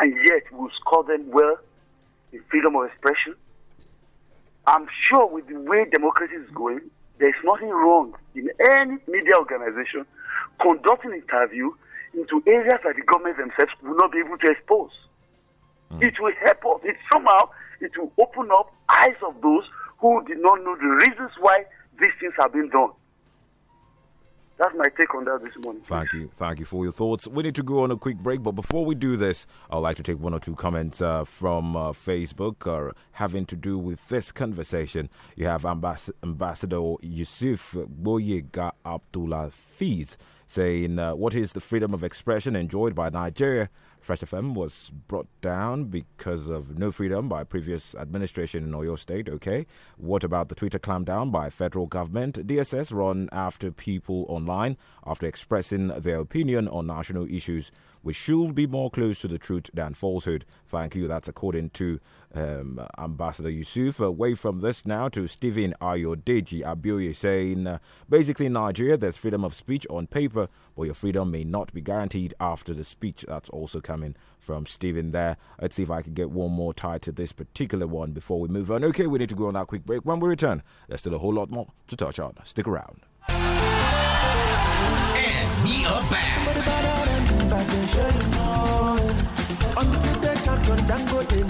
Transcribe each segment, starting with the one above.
and yet we will score them well in freedom of expression. I'm sure with the way democracy is going, there's nothing wrong in any media organization conducting interview into areas that the government themselves will not be able to expose. Mm. It will help us. It somehow it will open up eyes of those who did not know the reasons why these things have been done. That's my take on that this morning. Thank you. Thank you for your thoughts. We need to go on a quick break, but before we do this, I'd like to take one or two comments uh, from uh, Facebook uh, having to do with this conversation. You have Ambassador Yusuf Boyega Abdullah Fiz saying, uh, What is the freedom of expression enjoyed by Nigeria? Fresh FM was brought down because of no freedom by previous administration in Oyo State. Okay, what about the Twitter clampdown by federal government? DSS run after people online after expressing their opinion on national issues. We should be more close to the truth than falsehood. Thank you. That's according to um, Ambassador Yusuf. Away from this now to Stephen Ayodeji Abuye saying, uh, basically in Nigeria there's freedom of speech on paper, but your freedom may not be guaranteed after the speech. That's also coming from Stephen there. Let's see if I can get one more tied to this particular one before we move on. Okay, we need to go on that quick break. When we return, there's still a whole lot more to touch on. Stick around. And we are back. I can show you on champion, Dango, they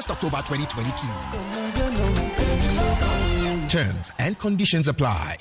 1st October 2022. Terms and conditions apply.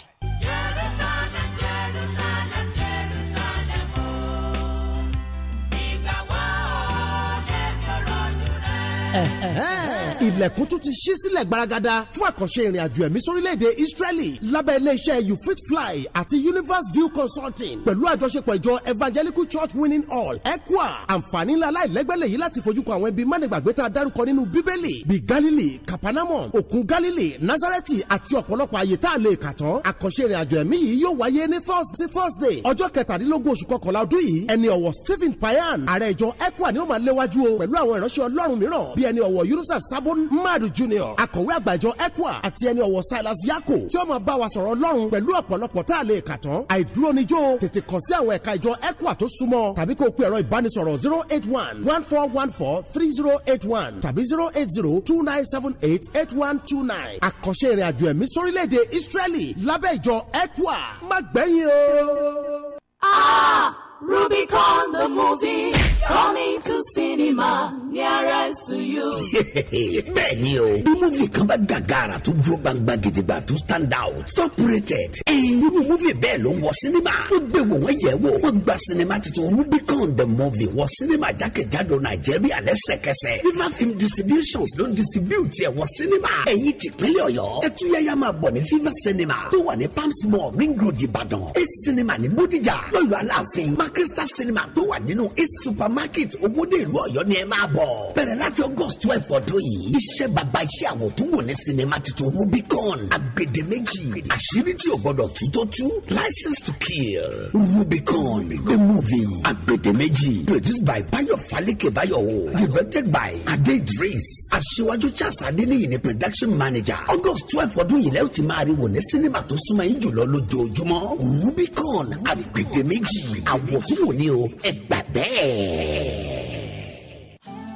Uh, uh, uh. ilẹ̀kùn tún ti ṣí sílẹ̀ gbaragada fún àkànṣe ìrìn àjò ẹ̀mí sórílẹ̀-èdè Israeli lábẹ́ iléeṣẹ́ you fit fly àti universe view consulting pẹ̀lú àjọṣepọ̀ ìjọ evangelical church winning all ECWA àǹfààní ńlá aláìlẹ́gbẹ́lẹ̀ yìí láti fojúkọ àwọn ibi mánigbàgbé tá a dárúkọ nínú bíbélì bíi Galilee Capernaum òkun Galilee Nazareti àti ọ̀pọ̀lọpọ̀ àyè tá a lè kà tán àkànṣe ìrìn àjò ẹ̀mí yìí yóò wáyé ní thursday thursday ọjọ́ kẹtàdínlógún oṣù kọkànlá ọdún yìí ẹni ọ̀wọ̀ Stephen Payan ààrẹ ìjọ ECWA ni ó máa léwájú o pẹ̀lú àwọn ìránṣẹ́ ọlọ́run mìíràn bíi ẹni ọ̀wọ̀ Yunusa Sabo Lawan Madu Junior akọ̀wé àgbàjọ ECWA àti ẹni ọ̀wọ̀ Silas Yako tí ó máa bá wa sọ̀rọ̀ Ọlọ́run pẹ̀lú ọ̀pọ̀lọpọ̀ tá a lè kà tán àìdúró níjó tètè kàn sí àwọn ẹ̀ka ìjọ ECWA tó súnmọ́ tàbí kó o pe ẹ̀rọ ìbánisọ̀rọ̀ zero eight one one four one four three zero eight one tàbí zero eight zero two nine seven eight eight one two nine àkànṣe ìrìnàjò ẹ̀mí sórílẹ̀-èdè Israeli lábẹ́ ìjọ ECWA má gbẹ̀yìn o. Ah! Rubicon the movie coming to cinema nearest to you. bẹ́ẹ̀ni o múvi kan bá gàgàrà tó dúró gbangba gidigba tó stand out top rated. ẹyin nínú múvi bẹ́ẹ̀ ló ń wọ sinima. ó gbé wò wọ́n yẹ̀ wò wọ́n gba sinima titun Rubicon the movie wọ sinima jákèjádò Nàìjíríà lẹ́sẹ̀kẹsẹ̀. River Film Distributions ló ń distribute ẹ̀ wọ sinima. ẹ̀yin tìpínlẹ̀ Ọ̀yọ́ ẹtúyẹyà máa bọ̀ ní Fever Cinema tó wà ní Palms Mall Ring Road Ìbàdàn eight cinema ní Bódìjà lọ́yọ̀ Aláàfin má crystal cinema tó wà nínú east supermarket owóde ìlú ọ̀yọ́ ni ẹ máa bọ̀ bẹ̀rẹ̀ láti august twelve ọdún yìí iṣẹ́ bàbá iṣẹ́ àwọn tó wò ní cinema titun rubicon agbedeméjì àṣírí tí o gbọdọ̀ tú tó tú license to kill rubicon the movie agbedeméjì produced by bayo falike bayowo directed by ade idris aṣíwájú charles adeniyi ni production manager august twelve ọdún yìí lẹ́yìn tí máa rí wò ní cinema tó súnmọ́ yín jùlọ lójoojúmọ́ rubicon agbedeméjì àwọn ìwòkúwò ni o ẹ gbà bẹ́ẹ̀.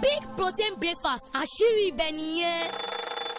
big protein breakfast àṣírí ibẹ̀ nìyẹn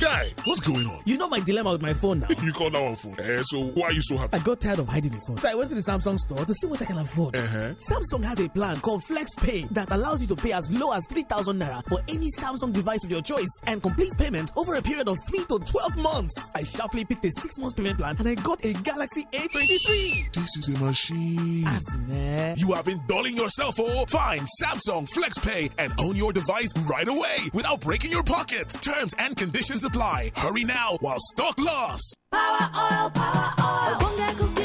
Guy, what's going on? You know my dilemma with my phone now. you call that one phone. Uh, so why are you so happy? I got tired of hiding the phone. So I went to the Samsung store to see what I can afford. Uh-huh. Samsung has a plan called Flex Pay that allows you to pay as low as 3,000 naira for any Samsung device of your choice and complete payment over a period of 3 to 12 months. I sharply picked a 6 month payment plan and I got a Galaxy A23. This is a machine. As in, eh? You have been dulling yourself, oh? Find Samsung Flex Pay and own your device right away without breaking your pocket. Terms and conditions Restrictions apply. Hurry now while stock lasts. Power oil, power oil.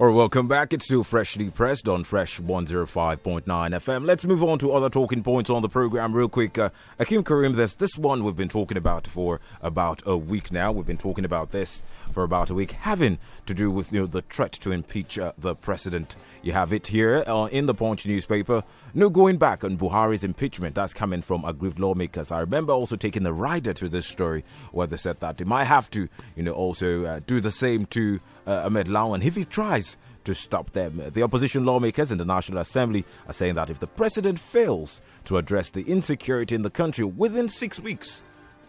All right, welcome back. It's still freshly pressed on Fresh 105.9 FM. Let's move on to other talking points on the program real quick. Uh, Akim Karim, this this one we've been talking about for about a week now. We've been talking about this for about a week, having to do with you know the threat to impeach uh, the president. You have it here uh, in the Punch newspaper. No going back on Buhari's impeachment. That's coming from aggrieved lawmakers. I remember also taking the rider to this story where they said that they might have to, you know, also uh, do the same to uh, Ahmed Lawan if he tries to stop them. Uh, the opposition lawmakers in the National Assembly are saying that if the president fails to address the insecurity in the country within six weeks,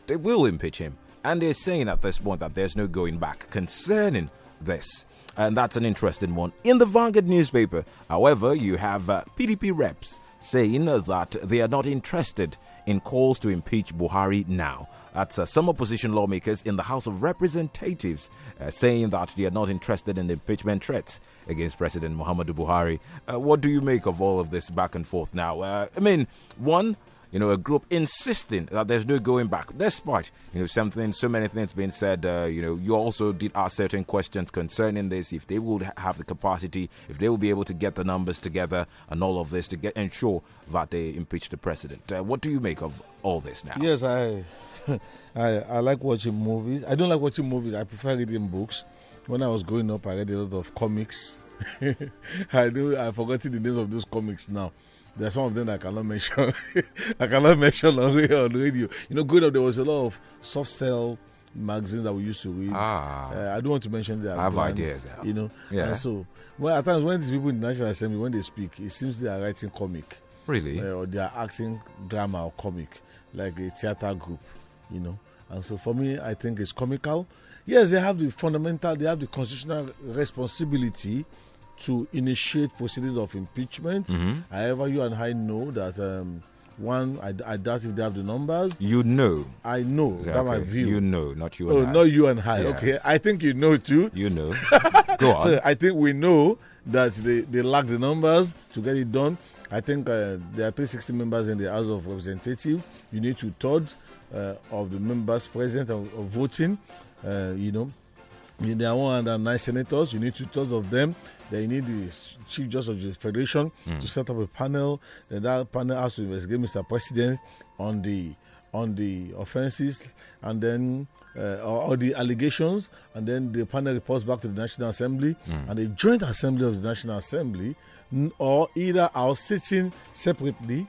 they will impeach him. And they're saying at this point that there's no going back concerning this. And that's an interesting one. In the Vanguard newspaper, however, you have uh, PDP reps saying that they are not interested in calls to impeach Buhari now at uh, some opposition lawmakers in the House of Representatives, uh, saying that they are not interested in impeachment threats against President Muhammadu Buhari. Uh, what do you make of all of this back and forth now? Uh, I mean, one, you know, a group insisting that there's no going back, despite, you know, something, so many things being said. Uh, you know, you also did ask certain questions concerning this, if they would have the capacity, if they will be able to get the numbers together and all of this to get ensure that they impeach the president. Uh, what do you make of all this now? Yes, I I, I like watching movies. I don't like watching movies. I prefer reading books. When I was growing up, I read a lot of comics. I do. i forgot the names of those comics now. There are some of them that I cannot mention. I cannot mention on radio, on radio. You know, growing up, there was a lot of soft sell magazines that we used to read. Ah, uh, I don't want to mention that. I have brands, ideas. Now. You know, yeah. And so, well, at times when these people in the National Assembly when they speak, it seems they are writing comic. Really? Uh, or they are acting drama or comic, like a theater group you know. And so for me, I think it's comical. Yes, they have the fundamental, they have the constitutional responsibility to initiate proceedings of impeachment. Mm-hmm. However, you and I know that um, one, I, I, doubt if they have the numbers. You know. I know. Yeah, that's okay. my view. You know, not you oh, I. not you and I. Yeah. Okay. I think you know too. You know. Go on. so I think we know that they, they lack the numbers to get it done. I think uh, there are 360 members in the House of Representatives. You need to thirds. Uh, of the members present of, of voting, uh, you know, you are 109 senators. You need two thirds of them. Then you need the chief judge of the federation mm. to set up a panel. Then that panel has to investigate Mr. President on the on the offences and then uh, or, the allegations, and then the panel reports back to the National Assembly mm. and the Joint Assembly of the National Assembly, or either are sitting separately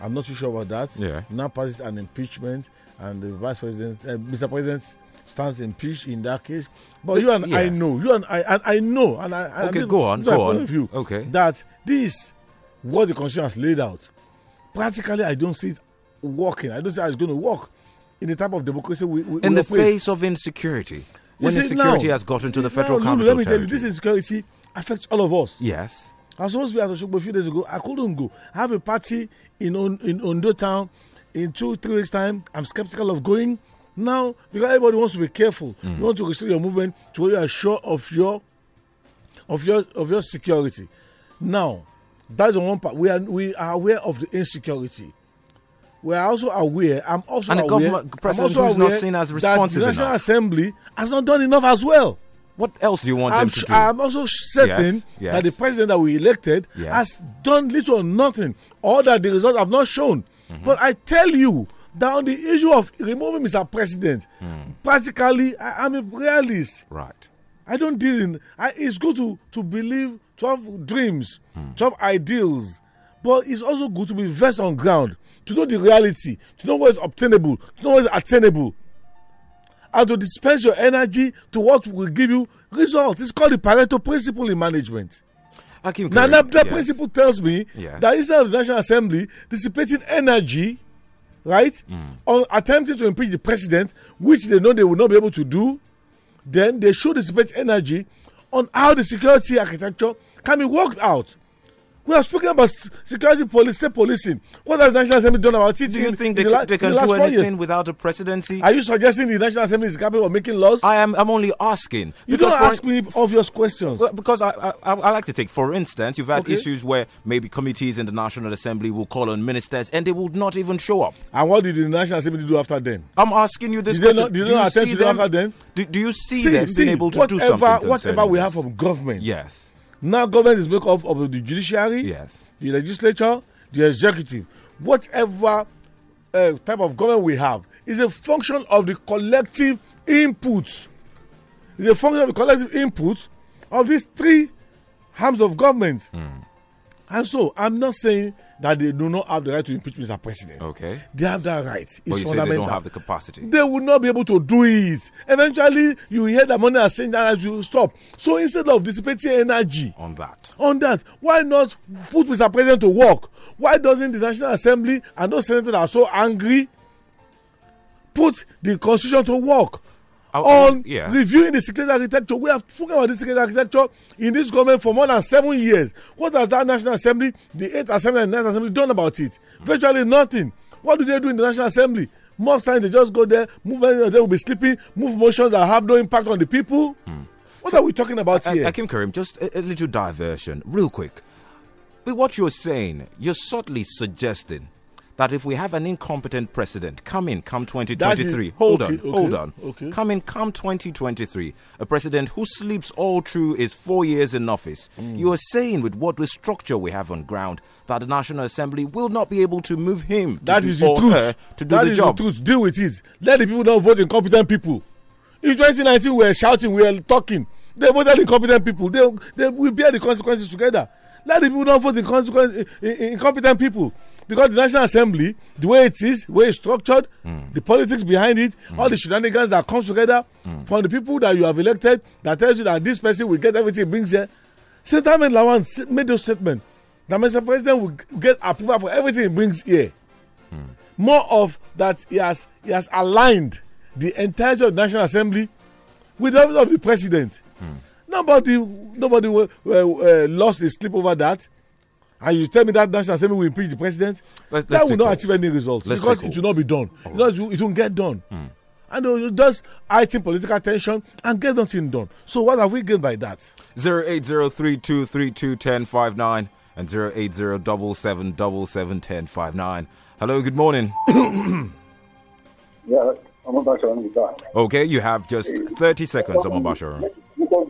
I'm not too sure about that. Yeah. Now passes an impeachment, and the vice president, uh, Mr. President, stands impeached in that case. But you and yes. I know, you and I, and I know, and I. And okay, I go on, go on. View, okay. That this, what the constitution has laid out, practically I don't see it working. I don't see how it's going to work in the type of democracy we. we in the face. of insecurity, when see, insecurity now, has gotten to the federal capital. Let me tell you, this insecurity affects all of us. Yes. I was supposed to be at show a few days ago. I couldn't go. I have a party in, on, in Ondo town in two, three weeks' time. I'm skeptical of going now because everybody wants to be careful. Mm. You want to restrict your movement to where you are sure of your of your of your security. Now, that's the one part. We are we are aware of the insecurity. We are also aware. I'm also and aware. The government, president not seen as responsive the National enough. Assembly has not done enough as well. What else do you want I'm them to do? I'm also certain yes, yes. that the president that we elected yes. has done little or nothing, or that the results have not shown. Mm -hmm. But I tell you that on the issue of removing Mr. President, mm. practically, I, am a realist. Right. I don't deal in. I, it's good to, to believe, to have dreams, mm. to have ideals, but it's also good to be versed on ground, to know the reality, to know what is obtainable, to know what is attainable how to dispense your energy to what will give you results. It's called the Pareto principle in management. Akim now, that, that yes. principle tells me yeah. that instead of the National Assembly dissipating energy, right, mm. on attempting to impeach the president, which they know they will not be able to do, then they should dissipate energy on how the security architecture can be worked out. We are speaking about security police, state policing. What has the National Assembly done about it? Do you in, think they, the, they, can the do anything without a presidency? Are you suggesting the National Assembly is capable of making laws? I am. I'm only asking. You don't ask me obvious questions. Well, because I, I, I, like to take, for instance, you've had okay. issues where maybe committees in the National Assembly will call on ministers and they would not even show up. And what did the National Assembly do after them? I'm asking you this. Did question. they not, did do they not attend to them? do after Do, do you see, see them see, being able to whatever, do something? Whatever we have from government. Yes Now government is made up of the judiciary, yes, the legislature, the executive. Whatever uh, type of government we have is a function of the collective input. Is a function of the collective input of these three arms of government. Mm. And so I'm not saying that they do not have the right to impeach Mr. President. Okay. They have that right. It's but you fundamental. Say they don't have the capacity. They will not be able to do it. Eventually, you hear the money has changed that you stop. So instead of dissipating energy on that, on that, why not put Mr. President to work? Why doesn't the National Assembly and those senators are so angry? Put the constitution to work I, on yeah. reviewing the secret architecture. We have spoken about the secret architecture in this government for more than seven years. What has that National Assembly, the Eighth Assembly, and Ninth Assembly done about it? Mm. Virtually nothing. What do they do in the National Assembly? Most times they just go there, move, and they will be sleeping, move motions that have no impact on the people. Mm. What so, are we talking about I, here? Akim Karim, just a, a little diversion, real quick. With what you're saying, you're subtly suggesting that if we have an incompetent president come in come 2023 hold okay, on okay, hold on okay. come in come 2023 a president who sleeps all through his four years in office mm. you are saying with what the structure we have on ground that the national assembly will not be able to move him to That is the truth to do that the is job. the truth deal with it let the people not vote incompetent people in 2019 we were shouting we were talking they voted incompetent people they they will bear the consequences together let the people not vote incompetent people because the National Assembly, the way it is, the way it's structured, mm. the politics behind it, mm. all the shenanigans that comes together mm. from the people that you have elected that tells you that this person will get everything he brings here. Senator Ahmed Lawan made those statement that Mr. President will get approval for everything he brings here. More of that he has he has aligned the entire of the National Assembly with the office of the president. Nobody nobody uh, uh, lost his sleep over that and ah, you tell me that national assembly will impeach the president, let's, that let's will not calls. achieve any result let's because it will not be done. right. it won't get done. Mm. And you just heighten political tension and get nothing done. So what are we gained by that? 08032321059 and 08077771059. Hello, good morning. yeah, Okay, you have just 30 seconds, Omobashir. Let us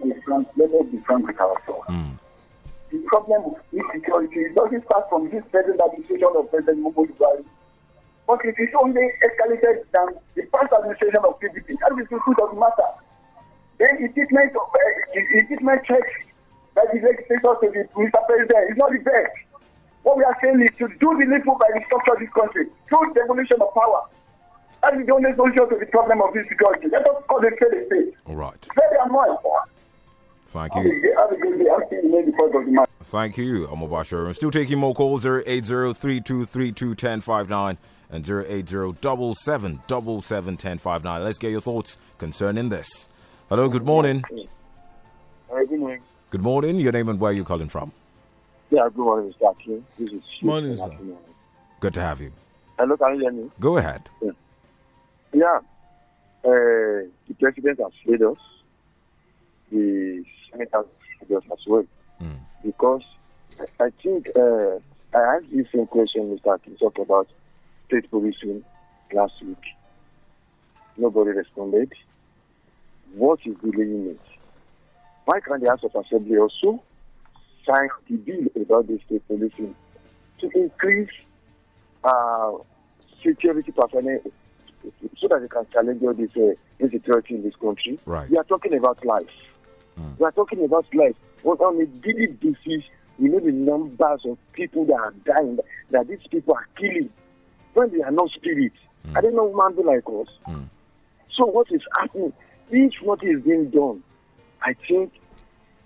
be frank with ourselves. Hmm the problem of insecurity doesn't start from this present administration of President Mubarak. Buhari. But it is only escalated than the past administration of PDP. That is who doesn't matter. Then it is not of uh, the treatment checks by the legislators to the Mr. President is not the best. What we are saying is to do the little by the structure of this country through devolution of power. That is the only solution to the problem of insecurity. Let us call the trade a state. All right. Very annoying. Thank you. Thank you, Omobashir. Still taking more calls three two ten five nine and zero double seven let Let's get your thoughts concerning this. Hello, good morning. Hi, good morning. Good morning. Your name and where are you calling from? Yeah, good morning, Mr. Akin. This is Chief Morning, sir. Good to have you. Hello, can you hear me? Go ahead. Yeah. yeah. Uh, the president has failed us. He's send out as well. Mm. Because I think uh, I asked the same question Mr. talked about state policing last week. Nobody responded. What is delaying it? Why can't the House of Assembly also sign the bill about the state policing to increase uh, security personnel so that they can challenge all this uh, insecurity in this country? Right. We are talking about life. Mm. We are talking about life. What on a daily basis, we know the numbers of people that are dying, that these people are killing when they are not spirits. Mm. Are they not Man beings like us? Mm. So what is happening? If what is being done, I think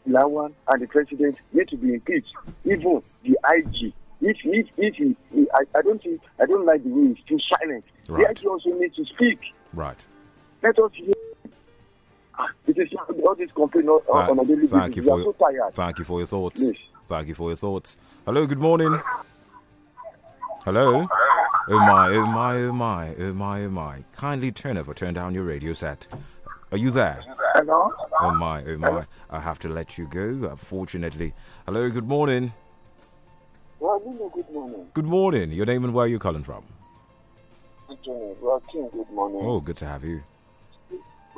Lawan and the president need to be impeached. Even the IG, if if if he, I, I don't think I don't like the way he's too silent. Right. The IG also needs to speak. Right. Let us hear it is all this complaint on, thank, a daily You for your, so tired. Thank you for your thoughts. Thank you for your thoughts. Hello, good morning. Hello. Oh my, oh my, oh my, oh my, oh my. Kindly turn over, turn down your radio set. Are you there? Hello? Oh my, oh my. I have to let you go, unfortunately. Hello, good morning. Well, good morning. Good morning. Your name and where are you calling from? Good morning. Good morning. Oh, good to have you.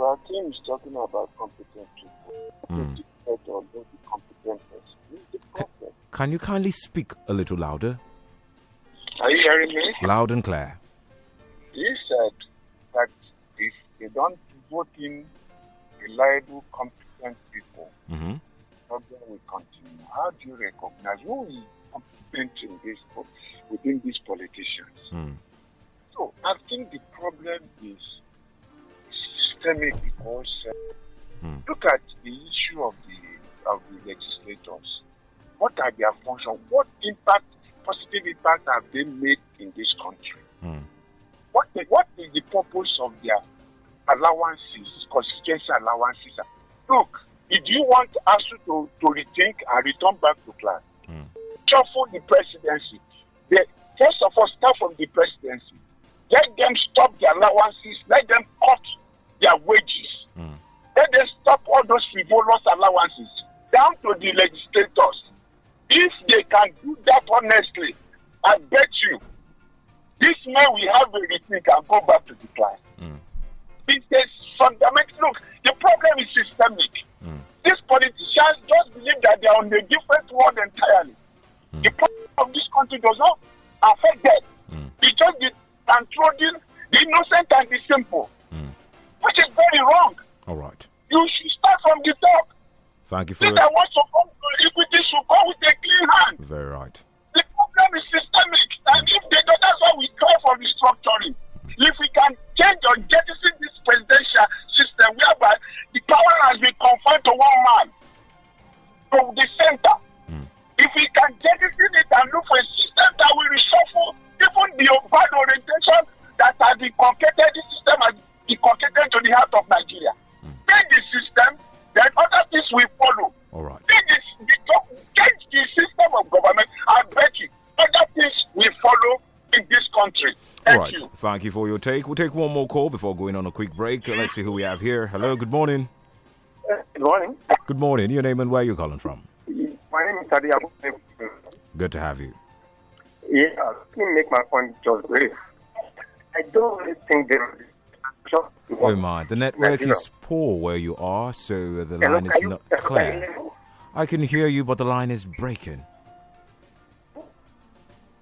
So our team is talking about competent people. Mm. Can, you kindly speak a little louder? Are you hearing me? Loud and clear. He said that if they don't vote in reliable, competent people, mm-hmm. problem will continue. How do you recognize who is competent in this, within these politicians? Mm. So I think the problem is systemic because uh, hmm. look at the issue of the of the legislators. What are their functions? What impact, positive impact, have they made in this country? Hmm. What the, what is the purpose of their allowances, constituency allowances? Look, if you want us to, to rethink and return back to class, mm. shuffle the presidency. The first of all, start from the presidency. Let them stop the allowances. Let them cut their wages. Mm. they stop all those frivolous allowances down to the legislators. If they can do that honestly, I bet you this man will have everything and go back to the class. Mm. It's fundamental look, the problem is systemic. Mm. These politicians just believe that they are on a different world entirely. Mm. The problem of this country does not affect them. Mm. It's just the controlling the innocent and the simple which is very wrong. All right. You should start from the top. Thank you for that. Re- wants to come to equity should come with a clean hand. Very right. The problem is systemic, and if they don't, that's why we call for restructuring. Mm. If we can change or get this presidential system whereby the power has been confined to one man, to the center. Hmm. If we can get it in it and look for a system that will reshuffle even the bad orientation that has been concocted, this system has inculcated to the heart of Nigeria. Change hmm. the system, then other things will follow. All right. Take this, the, change the system of government. I bet you other things will follow in this country. Thank All right. You. Thank you for your take. We'll take one more call before going on a quick break. Let's see who we have here. Hello. Good morning. Uh, good morning. Good morning. Your name and where are you calling from? My name is Abubakar. Good to have you. Yeah, let me make my point just brief. I don't really think there is Oh my, the network is poor where you are, so the line is not clear. I can hear you, but the line is breaking.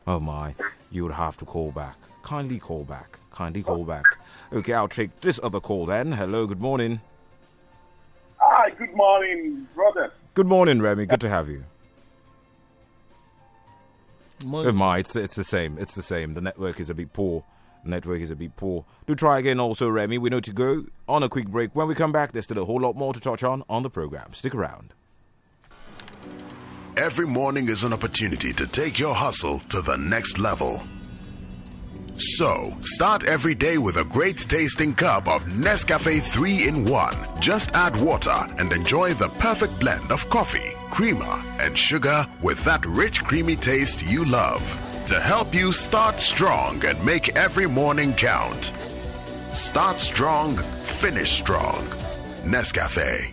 Oh my, you would have to call back. Kindly call back. Kindly call back. Okay, I'll take this other call then. Hello, good morning. Hi, good morning, brother. Good morning, Remy. Good to have you. Morning. Oh my, it's, it's the same. It's the same. The network is a bit poor. Network is a bit poor. Do try again, also, Remy. We know to go on a quick break. When we come back, there's still a whole lot more to touch on on the program. Stick around. Every morning is an opportunity to take your hustle to the next level. So, start every day with a great tasting cup of Nescafe 3 in 1. Just add water and enjoy the perfect blend of coffee, creamer, and sugar with that rich, creamy taste you love to help you start strong and make every morning count. Start strong, finish strong. Nescafe.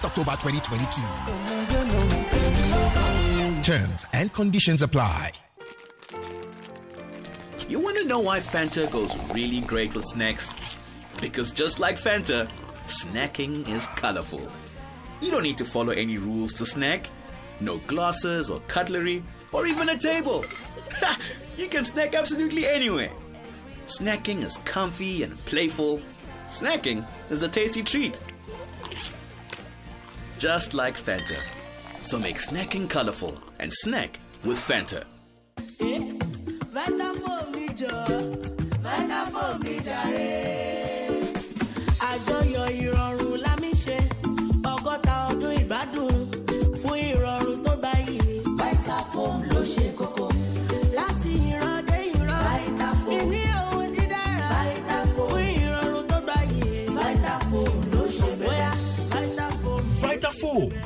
1st October 2022. Terms and conditions apply. You want to know why Fanta goes really great with snacks? Because just like Fanta, snacking is colorful. You don't need to follow any rules to snack. No glasses or cutlery or even a table. you can snack absolutely anywhere. Snacking is comfy and playful. Snacking is a tasty treat just like Fanta. So make snacking colorful and snack with Fanta. Eh?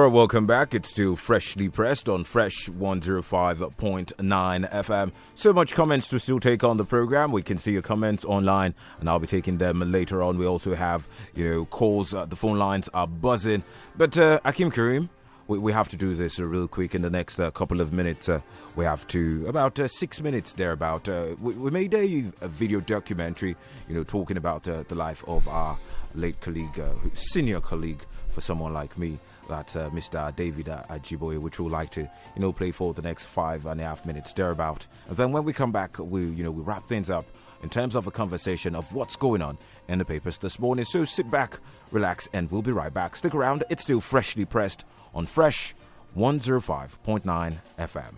All right, welcome back. It's still freshly pressed on Fresh 105.9 FM. So much comments to still take on the program. We can see your comments online, and I'll be taking them later on. We also have, you know, calls. Uh, the phone lines are buzzing. But uh, Akim Karim, we, we have to do this uh, real quick in the next uh, couple of minutes. Uh, we have to about uh, six minutes thereabout. Uh, we, we, made a, a, video documentary, you know, talking about the life of our late colleague, senior colleague for someone like me. That uh, Mr. David uh, Ajiboye, which we'll like to, you know, play for the next five and a half minutes thereabout. And then when we come back, we, you know, we wrap things up in terms of the conversation of what's going on in the papers this morning. So sit back, relax, and we'll be right back. Stick around; it's still freshly pressed on Fresh 105.9 FM.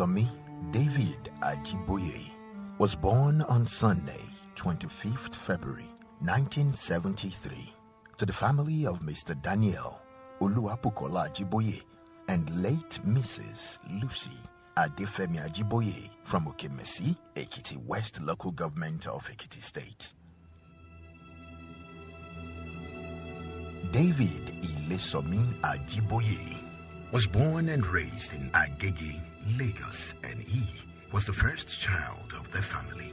Sami David Ajiboye was born on Sunday, 25th February 1973 to the family of Mr. Daniel Uluapukola Ajiboye and late Mrs. Lucy Adefemi Ajiboye from Okemesi, Ekiti West local government of Ekiti State. David Ilesomi Ajiboye was born and raised in Agege, Lagos, he was the first child of their family.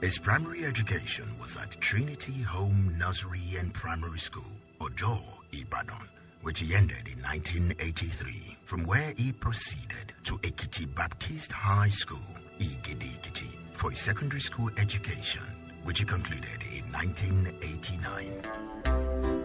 His primary education was at Trinity Home Nursery and Primary School, Ojo, Ibadan, which he ended in 1983, from where he proceeded to Ekiti Baptist High School, Igidi Ekiti, for his secondary school education, which he concluded in 1989.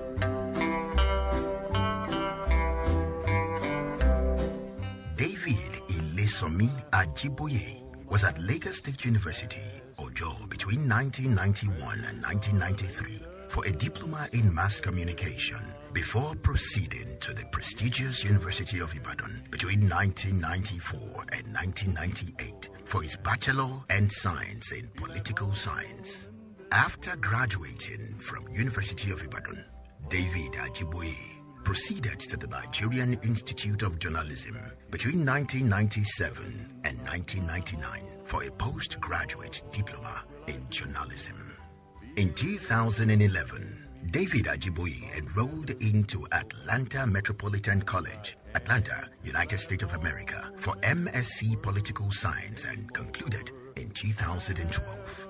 Sumi Ajiboye was at Lagos State University, Ojo, between 1991 and 1993 for a diploma in mass communication before proceeding to the prestigious University of Ibadan between 1994 and 1998 for his Bachelor and Science in Political Science. After graduating from University of Ibadan, David Ajiboye proceeded to the Nigerian Institute of Journalism between 1997 and 1999 for a postgraduate diploma in journalism. In 2011, David Ajiboye enrolled into Atlanta Metropolitan College, Atlanta, United States of America, for MSc Political Science and concluded in 2012.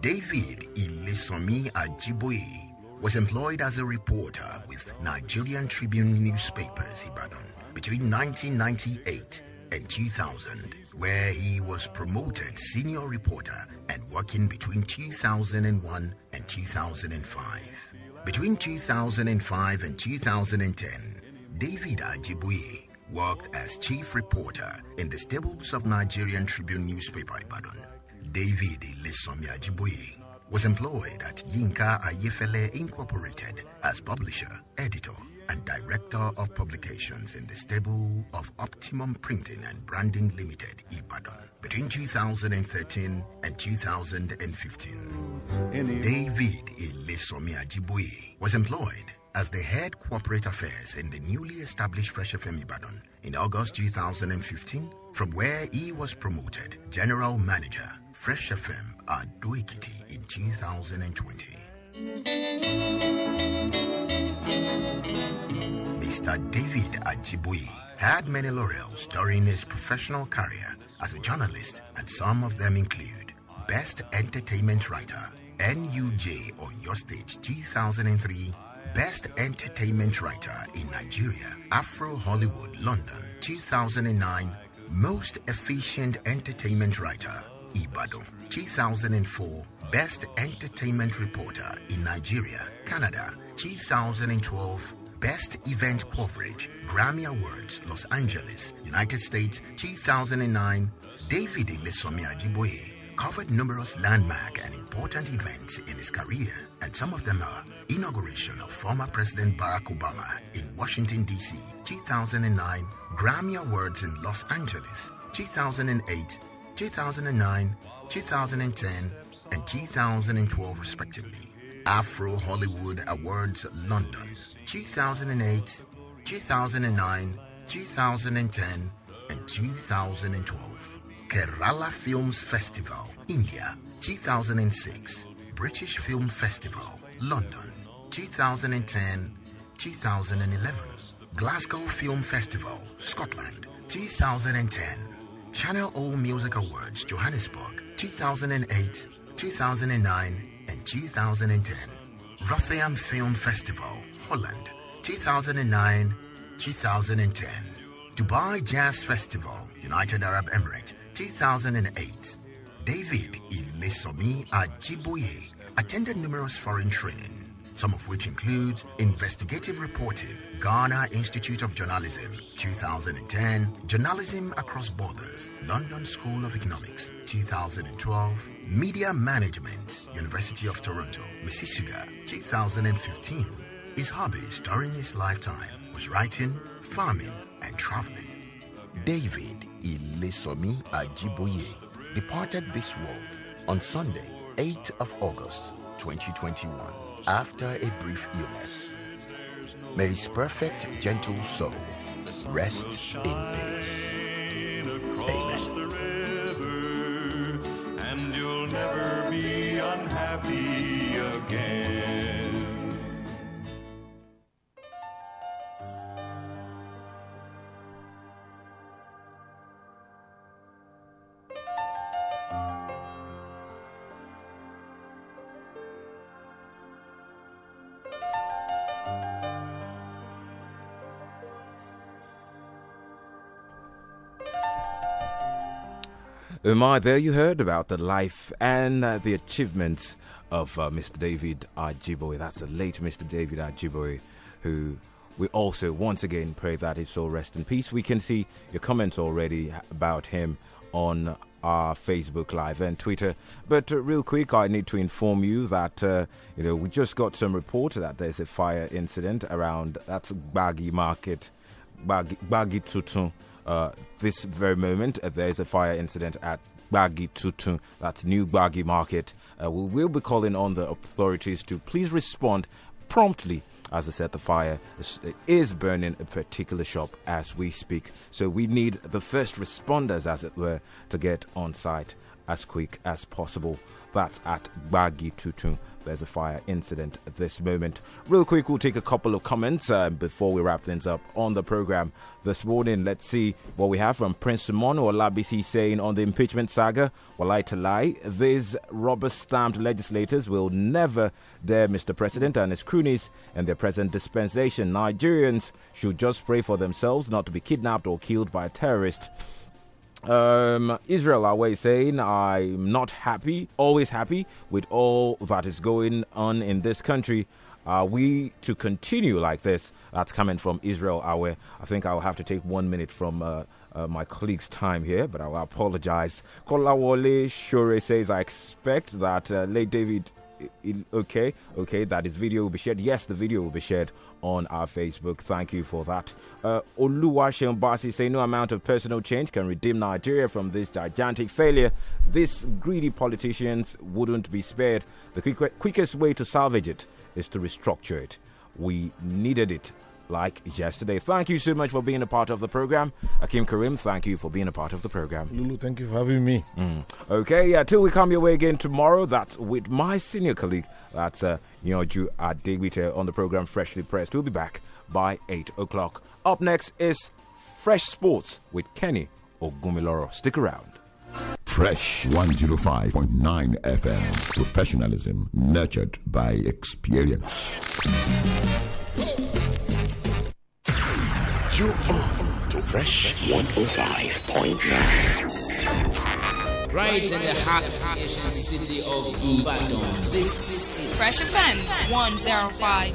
David Ilisomi Ajiboye was employed as a reporter with Nigerian Tribune newspapers Ibadan between 1998 and 2000, where he was promoted senior reporter and working between 2001 and 2005. Between 2005 and 2010, David Ajibuye worked as chief reporter in the stables of Nigerian Tribune newspaper Ibadan. David Ilesomi Ajibuye was employed at Yinka Ayefele Incorporated as publisher, editor, and director of publications in the stable of Optimum Printing and Branding Limited, Ibadan, between 2013 and 2015. Anyway. David Ilesomi Ajibui was employed as the head corporate affairs in the newly established Fresh FM Ibadan in August 2015, from where he was promoted general manager Fresh FM at Duikiti in 2020. Mr. David Ajibui had many laurels during his professional career as a journalist, and some of them include Best Entertainment Writer, NUJ on Your Stage 2003, Best Entertainment Writer in Nigeria, Afro Hollywood, London 2009, Most Efficient Entertainment Writer, Ibadan, 2004 Best Entertainment Reporter in Nigeria, Canada, 2012 Best Event Coverage, Grammy Awards, Los Angeles, United States, 2009 David Imesomi Ajiboye covered numerous landmark and important events in his career, and some of them are inauguration of former President Barack Obama in Washington, D.C., 2009, Grammy Awards in Los Angeles, 2008, 2009, 2010, and 2012, respectively. Afro Hollywood Awards London 2008, 2009, 2010, and 2012. Kerala Films Festival, India 2006. British Film Festival, London 2010, 2011. Glasgow Film Festival, Scotland 2010. Channel All Music Awards Johannesburg 2008, 2009, and 2010. Rotherham Film Festival, Holland 2009, 2010. Dubai Jazz Festival, United Arab Emirates 2008. David at Ajiboye attended numerous foreign training some of which include investigative reporting, Ghana Institute of Journalism, 2010, Journalism Across Borders, London School of Economics, 2012, Media Management, University of Toronto, Mississauga, 2015. His hobbies during his lifetime was writing, farming, and traveling. David Illesomi Ajiboye departed this world on Sunday, 8th of August, 2021 after a brief illness. May his perfect, gentle soul rest in peace. Amen. Umar, there you heard about the life and uh, the achievements of uh, Mr. David Ajiboye. That's the late Mr. David Ajiboye, who we also once again pray that his soul rest in peace. We can see your comments already about him on our Facebook Live and Twitter. But uh, real quick, I need to inform you that uh, you know we just got some report that there's a fire incident around that's Bagi Market, Bagi, Bagi uh, this very moment, uh, there is a fire incident at Bagi Tutu, that's New Bagi Market. Uh, we will be calling on the authorities to please respond promptly. As I said, the fire is burning a particular shop as we speak. So we need the first responders, as it were, to get on site as quick as possible. That's at Bagi Tutu. There's a fire incident at this moment. Real quick, we'll take a couple of comments uh, before we wrap things up on the program this morning. Let's see what we have from Prince or Labisi saying on the impeachment saga. Well, I to lie, these rubber stamped legislators will never dare Mr. President and his cronies and their present dispensation. Nigerians should just pray for themselves not to be kidnapped or killed by terrorists. Um, Israel Awe saying, I'm not happy, always happy with all that is going on in this country. Are we to continue like this? That's coming from Israel Awe. I think I'll have to take one minute from uh, uh, my colleague's time here, but I'll apologize. Kolawole Shure says, I expect that uh, late David. okay, okay, that his video will be shared. Yes, the video will be shared on our Facebook. Thank you for that. Uh, Oluwaseun Basi say no amount of personal change can redeem Nigeria from this gigantic failure. These greedy politicians wouldn't be spared. The quick- quickest way to salvage it is to restructure it. We needed it like yesterday. Thank you so much for being a part of the program. Akim Karim, thank you for being a part of the program. Lulu, thank you for having me. Mm. Okay, yeah, till we come your way again tomorrow, that's with my senior colleague, that's uh, Nyoju Adegbite on the program Freshly Pressed. We'll be back by 8 o'clock. Up next is Fresh Sports with Kenny Ogumiloro. Stick around. Fresh 105.9 FM. Professionalism nurtured by experience. You are to Fresh 105.9. Right in the heart of the city of Ibadan. This is Fresh Offense 105.9.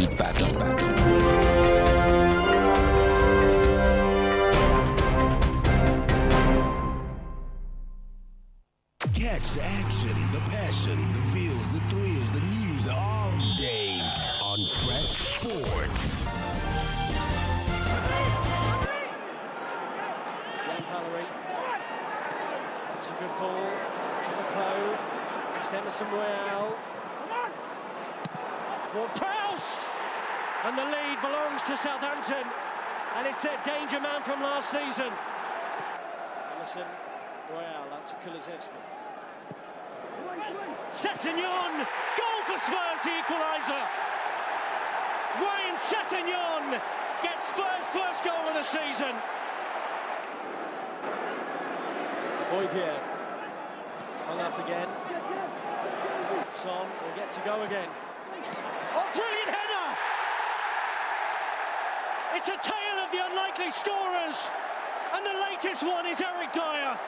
Ibadan. Catch the action, the passion, the feels, the thrills, the news all day on Fresh Sports. Jan Pallery. It's a good ball to the Poe. It's Emerson Well. Well, Prowse! And the lead belongs to Southampton. And it's their danger man from last season. Emerson Royale out to Kulizevski. Cessignon! Goal for Spurs, the equaliser! Wayne Cessignon gets Spurs' first goal of the season. Boyd here. Hung up again. Son will get to go again. Oh, brilliant header! It's a tale of the unlikely scorers. And the latest one is Eric Dyer.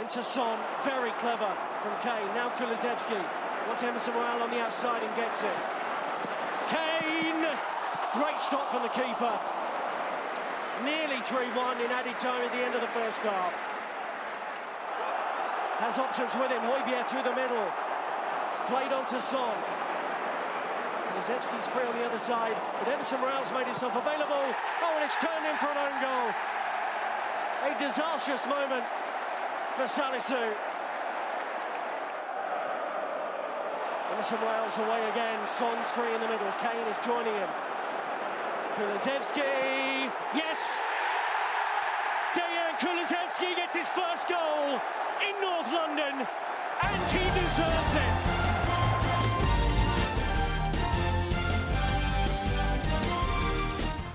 Into Son, very clever from Kane. Now Kulusevski. Wants Emerson Royal on the outside and gets it. Great stop from the keeper. Nearly 3-1 in added time at the end of the first half. Has options with him. Hoybier through the middle. It's played on to Son. Rosevsky's free on the other side. But Emerson Rouse made himself available. Oh, and it's turned in for an own goal. A disastrous moment for Salisu. Emerson Rouse away again. Son's free in the middle. Kane is joining him. Kulusevski, yes! Dejan Kulusevski gets his first goal in North London, and he deserves it!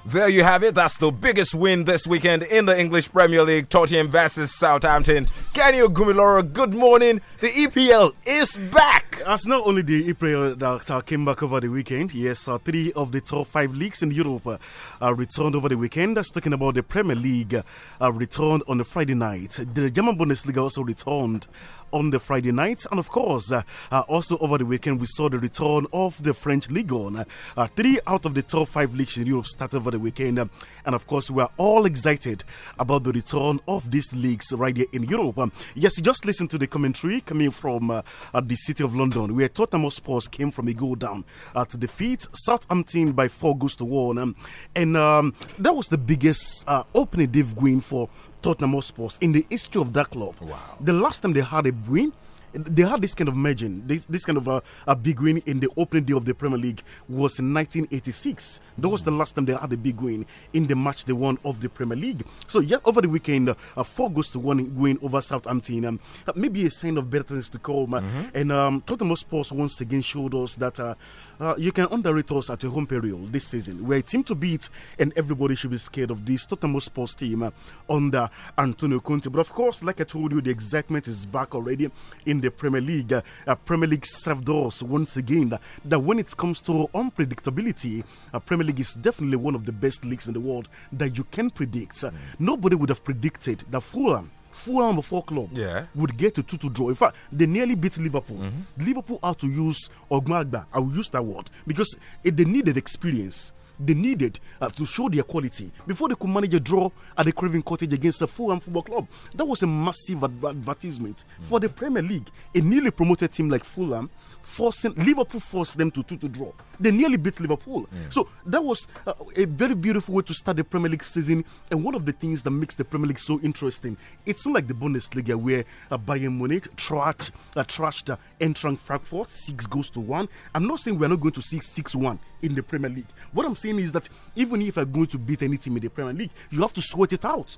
There you have it. That's the biggest win this weekend in the English Premier League. Tottenham versus Southampton. Kenny Ogumiloro, good morning. The EPL is back. As not only the April that uh, came back over the weekend. Yes, uh, three of the top five leagues in Europe uh, uh, returned over the weekend. That's talking about the Premier League uh, returned on the Friday night. The German Bundesliga also returned on the Friday night. And of course, uh, uh also over the weekend, we saw the return of the French Ligue 1. Uh, three out of the top five leagues in Europe started over the weekend. and of course, we are all excited about the return of these leagues right here in Europe. Um, yes, just listen to the commentary coming from the city of London. London, where Tottenham Sports came from a goal down at the defeat Southampton by four goals to one, um, and um, that was the biggest uh, opening they win for Tottenham Sports in the history of that club. Wow. The last time they had a win they had this kind of merging, this, this kind of a, a, big win in the opening day of the Premier League was in 1986. That was the last time they had a big win in the match they won of the Premier League. So, yeah, over the weekend, a uh, four goals to one win over Southampton, um, maybe a sign of better things to come. Mm -hmm. And um, Tottenham Sports once again showed us that uh, uh, you can underrate us at your home period this season. We're a team to beat, and everybody should be scared of this Tottenham Sports team uh, under Antonio Conte. But of course, like I told you, the excitement is back already in the Premier League. Uh, Premier League served us once again uh, that when it comes to unpredictability, uh, Premier League is definitely one of the best leagues in the world that you can predict. Mm. Nobody would have predicted that Fulham Fulham Before Club yeah. would get a 2 2 draw. In fact, they nearly beat Liverpool. Mm -hmm. Liverpool had to use Ogmagba. I will use that word because it, they needed experience they needed uh, to show their quality before they could manage a draw at the Craven Cottage against the Fulham Football Club. That was a massive advertisement mm -hmm. for the Premier League. A newly promoted team like Fulham forcing Liverpool forced them to to draw. They nearly beat Liverpool. Yeah. So that was uh, a very beautiful way to start the Premier League season. And one of the things that makes the Premier League so interesting, it's not like the Bundesliga where uh, Bayern Munich trashed, uh, trashed uh, Frankfurt six goals to one. I'm not saying we're not going to see six one in the Premier League. What I'm saying is that even if you're going to beat any team in the Premier League, you have to sweat it out.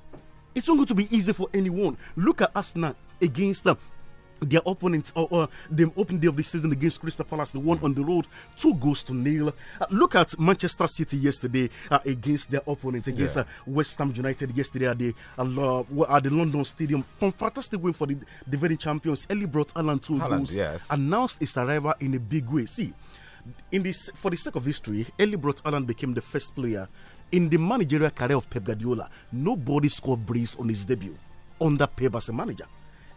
It's not going to be easy for anyone. Look at Arsenal against them. Uh, their opponents or, oh, or oh, the opening day of the season against Crystal Palace, the one on the road, two goals to nil. Uh, look at Manchester City yesterday uh, against their opponent against yeah. uh, West Ham United yesterday at the at the uh, London Stadium. Fantastic win for the defending champions. Ellie brought Alan two goals, yes. announced his arrival in a big way. See, in this for the sake of history, Ellie brought Alan became the first player in the managerial career of Pep Guardiola. Nobody scored brace on his debut under Pep as a manager.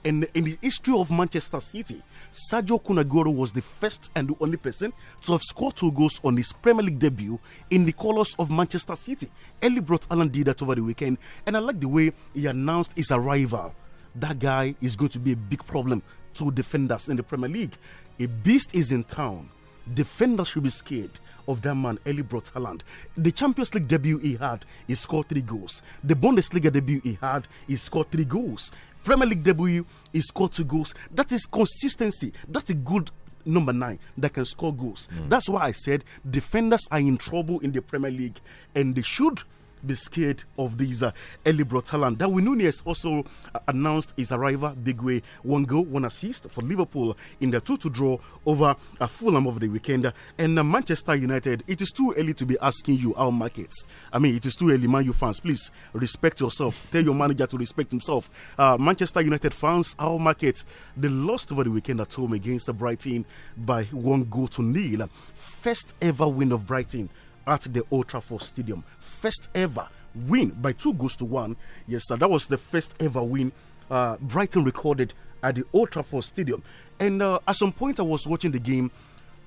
And in the history of Manchester City, Sergio Kunagoro was the first and the only person to have scored two goals on his Premier League debut in the colours of Manchester City. Ellie brought Alan did that over the weekend, and I like the way he announced his arrival. That guy is going to be a big problem to defenders in the Premier League. A beast is in town. Defenders should be scared of that man, Eli Brot The Champions League debut he had, he scored three goals. The Bundesliga debut he had, he scored three goals. Premier League debut, he scored two goals. That is consistency. That's a good number nine that can score goals. Mm. That's why I said defenders are in trouble in the Premier League and they should be scared of these uh, early broad talent. Darwin Nunez also uh, announced his arrival big way. One goal, one assist for Liverpool in the 2 2 draw over uh, Fulham over the weekend. And uh, Manchester United, it is too early to be asking you our markets. I mean, it is too early, Man U fans. Please respect yourself. Tell your manager to respect himself. Uh, Manchester United fans, our markets. They lost over the weekend at home against Brighton by one goal to nil. First ever win of Brighton at the Old Trafford Stadium. First ever win by two goals to one. Yes, sir, that was the first ever win uh, Brighton recorded at the Old Trafford Stadium. And uh, at some point, I was watching the game.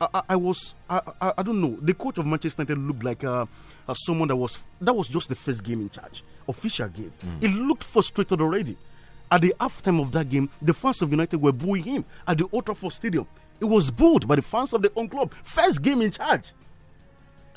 I, I, I was I, I, I don't know. The coach of Manchester United looked like uh, uh someone that was that was just the first game in charge, official game. Mm. He looked frustrated already. At the halftime of that game, the fans of United were booing him at the Old Trafford Stadium. It was booed by the fans of the own club. First game in charge.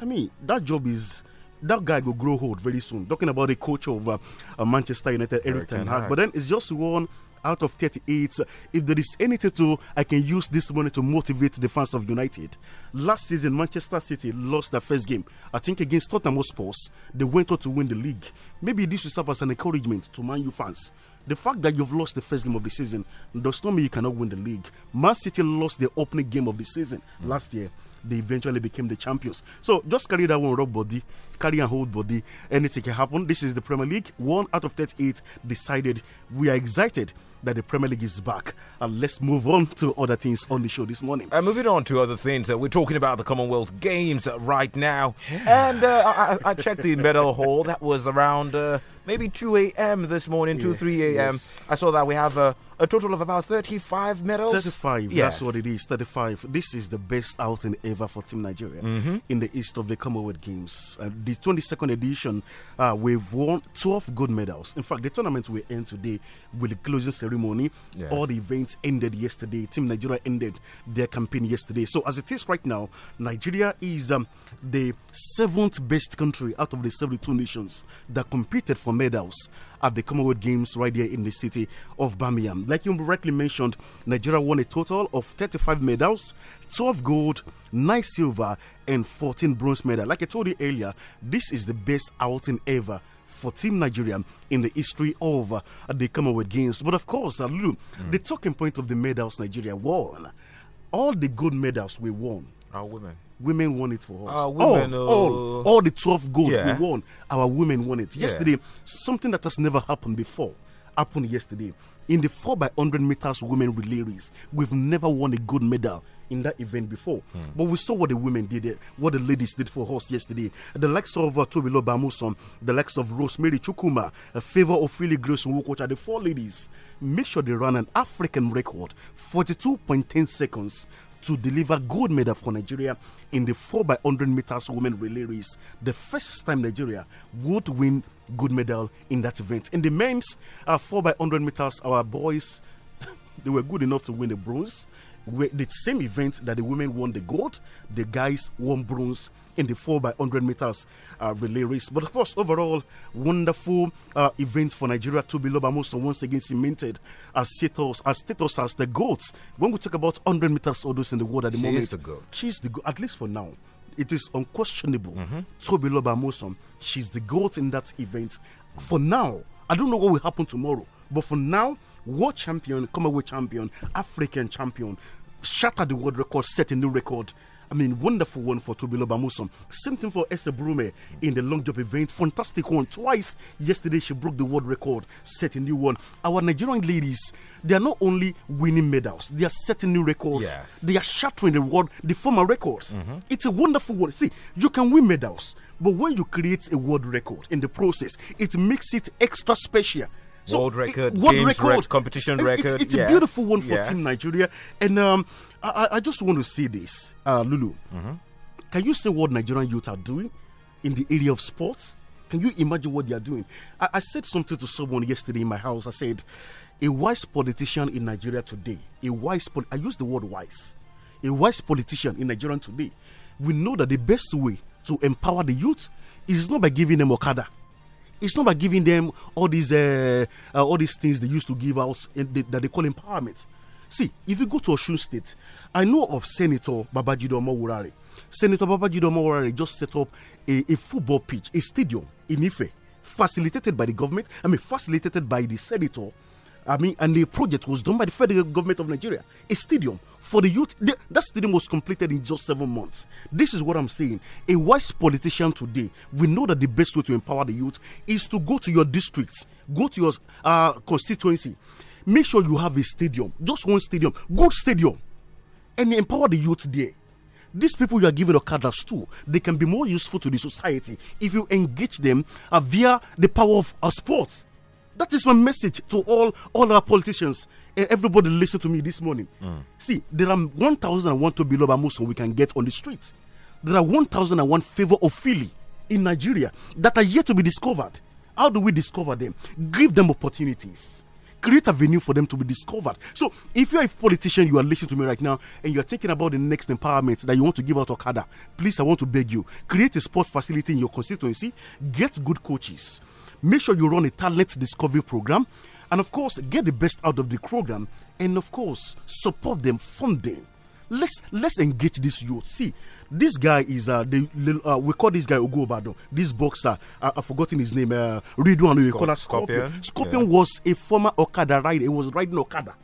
I mean, that job is that guy will grow old very soon. Talking about the coach of uh, uh, Manchester United, Eric Ten Hag, but then it's just one out of 38. If there is anything to, I can use this money to motivate the fans of United. Last season, Manchester City lost their first game. I think against Tottenham Hotspur, they went on to win the league. Maybe this will serve as an encouragement to Man U fans. The fact that you've lost the first game of the season does not mean you cannot win the league. Man City lost the opening game of the season mm. last year they eventually became the champions. So just carry that one rock body, carry and hold body. Anything can happen. This is the Premier League. One out of 38 decided. We are excited that the Premier League is back. And let's move on to other things on the show this morning. Uh, moving on to other things, uh, we're talking about the Commonwealth Games right now. Yeah. And uh, I, I, checked the medal haul. That was around. Uh, maybe 2 a.m. this morning, 2 3 a.m. Yes. I saw that we have a, a total of about 35 medals. 35, yes. that's what it is. 35. This is the best outing ever for Team Nigeria mm -hmm. in the east of the Commonwealth Games. Uh, the 22nd edition, uh, we've won 12 gold medals. In fact, the tournament will end today with the closing ceremony. Yes. All the events ended yesterday. Team Nigeria ended their campaign yesterday. So, as it is right now, Nigeria is um, the seventh best country out of the 72 nations that competed for medals at the Commonwealth Games right here in the city of Birmingham. Like you rightly mentioned, Nigeria won a total of 35 medals, 12 gold, 9 silver, and 14 bronze medals. Like I told you earlier, this is the best outing ever for Team Nigeria in the history of uh, the Commonwealth Games. But of course, uh, Lulu, mm. the talking point of the medals Nigeria won, all the gold medals we won. Our women women won it for us. Uh, women, all, uh, all, all the 12 gold yeah. we won, our women won it. Yesterday, yeah. something that has never happened before happened yesterday. In the 4 by 100 meters women relay race, we've never won a gold medal in that event before. Mm. But we saw what the women did, eh, what the ladies did for us yesterday. The likes of uh, Tobilo Bamuson, the likes of Rosemary Chukuma, a uh, favor of Philly Grace Wokocha, the four ladies, make sure they run an African record 42.10 seconds to deliver gold medal for Nigeria in the 4x100 meters women relay race. The first time Nigeria would win gold medal in that event. In the men's uh, 4x100 meters, our boys they were good enough to win the bronze the same event that the women won the gold, the guys won bronze in the 4 by 100 meters uh, relay race. But of course, overall, wonderful uh, event for Nigeria. to be. Lobamoso once again cemented as status, as status as the goats. When we talk about 100 meters hurdles in the world at the she moment, is the goat. she's the goat, at least for now. It is unquestionable. Mm -hmm. Tobi Lobamoso, she's the goat in that event. For now, I don't know what will happen tomorrow, but for now, world champion, Commonwealth champion, African champion shattered the world record, set a new record. I mean, wonderful one for Tobilo Musum. Same thing for Esther Brume in the long jump event. Fantastic one. Twice yesterday, she broke the world record, set a new one. Our Nigerian ladies, they are not only winning medals, they are setting new records. Yes. They are shattering the world, the former records. Mm -hmm. It's a wonderful one. See, you can win medals, but when you create a world record in the process, it makes it extra special. So World record, it, world games record, competition record. It's, it's a beautiful one for Team Nigeria. And um, I, I, just want to see this, uh, Lulu. Mm -hmm. Can you see what Nigerian youth are doing in the area of sports? Can you imagine what they are doing? I, I said something to someone yesterday in my house. I said, a wise politician in Nigeria today, a wise, I use the word wise, a wise politician in Nigeria today, we know that the best way to empower the youth is not by giving them Okada. It's not by giving them all these uh, uh, all these things they used to give out that they call empowerment. See, if you go to Osun State, I know of Senator Babajido Mowurari. Senator Babajido Mowurari just set up a, a, football pitch, a stadium in Ife, facilitated by the government. I mean, facilitated by the senator. I mean, and the project was done by the federal government of Nigeria, a stadium for the youth. The, that stadium was completed in just seven months. This is what I'm saying. A wise politician today, we know that the best way to empower the youth is to go to your district, go to your uh, constituency, make sure you have a stadium, just one stadium, good stadium, and empower the youth there these people you are giving okadas to, they can be more useful to the society if you engage them uh, via the power of uh, sports. That is my message to all, all our politicians everybody listen to me this morning. Mm. See, there are 1,001 Tobiloba Muso we can get on the streets. There are 1,001 favor of Philly in Nigeria that are yet to be discovered. How do we discover them? Give them opportunities. Create a venue for them to be discovered. So, if you're a politician, you are listening to me right now, and you're thinking about the next empowerment that you want to give out Okada, please, I want to beg you create a sport facility in your constituency, get good coaches, make sure you run a talent discovery program and of course, get the best out of the program and of course, support them, funding. them. Let's let's engage this youth. See, this guy is uh, the uh, we call this guy Ugo Obado. This boxer, uh, I've forgotten his name. Uh, Ridwan, we call her Scorpion. Scorpion, yeah. was a former Okada rider. He was riding Okada.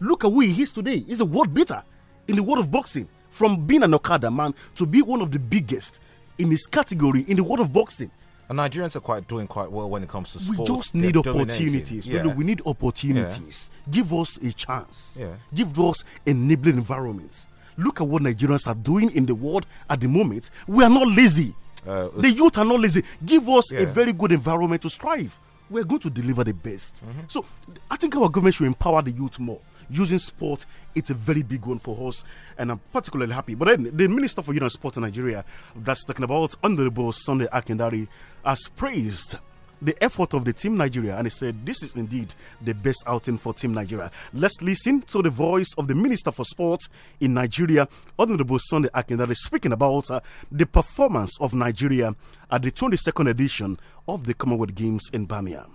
Look at who he is today. He's a world beater in the world of boxing. From being an Okada man to be one of the biggest in his category in the world of boxing. And Nigerians are quite doing quite well when it comes to sports. We just need They're opportunities. Yeah. We need opportunities. Yeah. Give us a chance. Yeah. Give us enabling environments. Look at what Nigerians are doing in the world at the moment. We are not lazy. Uh, the youth are not lazy. Give us a very good environment to strive. We're going to deliver the best. Mm -hmm. So I think our government should empower the youth more using sport, it's a very big one for us, and I'm particularly happy. But then the Minister for Youth and Sport in Nigeria, that's talking about Honorable Sunday Akindari, has praised the effort of the Team Nigeria and he said, This is indeed the best outing for Team Nigeria. Let's listen to the voice of the Minister for Sport in Nigeria, Honorable Sunday that is speaking about uh, the performance of Nigeria at the 22nd edition of the Commonwealth Games in Birmingham.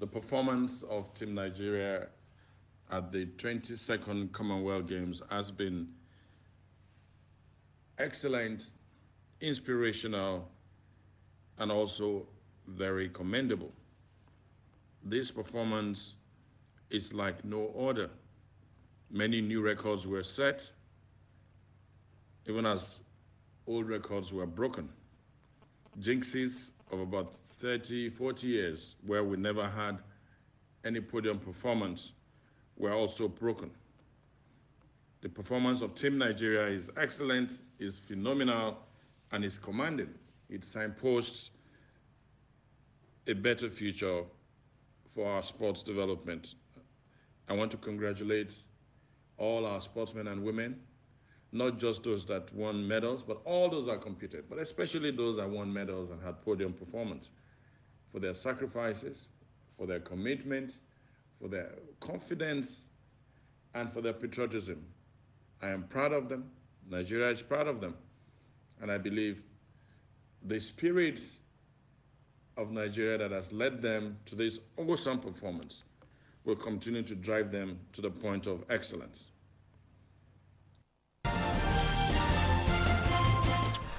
The performance of Team Nigeria at the 22nd Commonwealth Games has been excellent, inspirational and also very commendable. This performance is like no other. Many new records were set, even as old records were broken. Jinxes of about 30, 40 years, where we never had any podium performance, were also broken. The performance of Team Nigeria is excellent, is phenomenal, and is commanding. It signposts a better future for our sports development. I want to congratulate all our sportsmen and women, not just those that won medals, but all those that competed, but especially those that won medals and had podium performance for their sacrifices, for their commitment, for their confidence, and for their patriotism. I am proud of them. Nigeria is proud of them. And I believe the spirit of Nigeria that has led them to this awesome performance will continue to drive them to the point of excellence.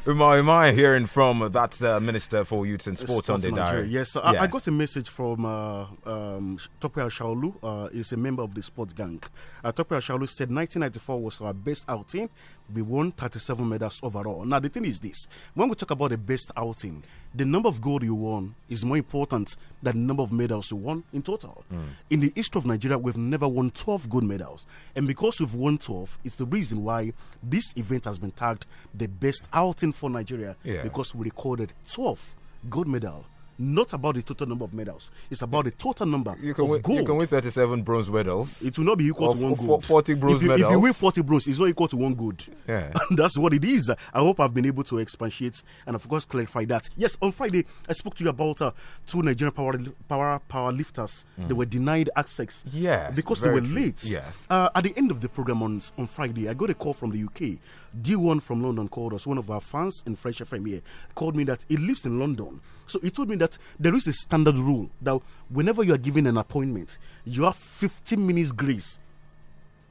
Umar Umar hearing from that uh, Minister for Youth and Sports, Sports on the diary. Yes, yes. I, I, got a message from uh, um, Topia Shaolu, uh, a member of the sports gang. Uh, Topia Shaolu said 1994 was our best outing we won 37 medals overall. Now, the thing is this when we talk about the best outing, the number of gold you won is more important than the number of medals you won in total. Mm. In the history of Nigeria, we've never won 12 gold medals. And because we've won 12, it's the reason why this event has been tagged the best outing for Nigeria yeah. because we recorded 12 gold medal not about the total number of medals. It's about the total number you can of win, gold. You can win 37 bronze medals. It will not be equal to one gold. 40 bronze if you, medals. If you win 40 bronze, it's not equal to one gold. Yeah. That's what it is. I hope I've been able to expatiate and, of course, clarify that. Yes, on Friday, I spoke to you about uh, two Nigerian power, power, power lifters. Mm. They were denied access. Yes. Because they were true. late. Yes. Uh, at the end of the program on, on Friday, I got a call from the UK D1 from London called us, one of our fans in French FM here, called me that he lives in London. So he told me that there is a standard rule that whenever you are given an appointment, you have 15 minutes grace.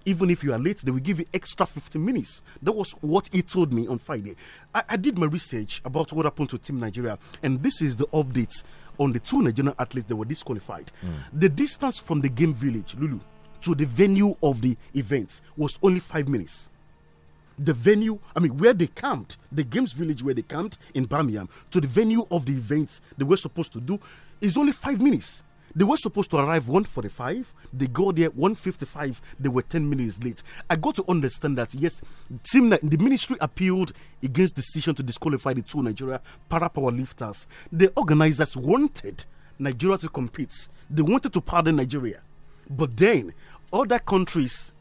Even if you are late, they will give you extra 15 minutes. That was what he told me on Friday. I, I did my research about what happened to Team Nigeria, and this is the update on the two Nigerian athletes that were disqualified. Mm. The distance from the game village, Lulu, to the venue of the event was only five minutes the venue, I mean, where they camped, the games village where they camped in Birmingham, to the venue of the events they were supposed to do, is only five minutes. They were supposed to arrive 145. They go there 155. They were 10 minutes late. I got to understand that yes, team the ministry appealed against the decision to disqualify the two Nigeria para power lifters. The organizers wanted Nigeria to compete. They wanted to pardon Nigeria, but then other countries,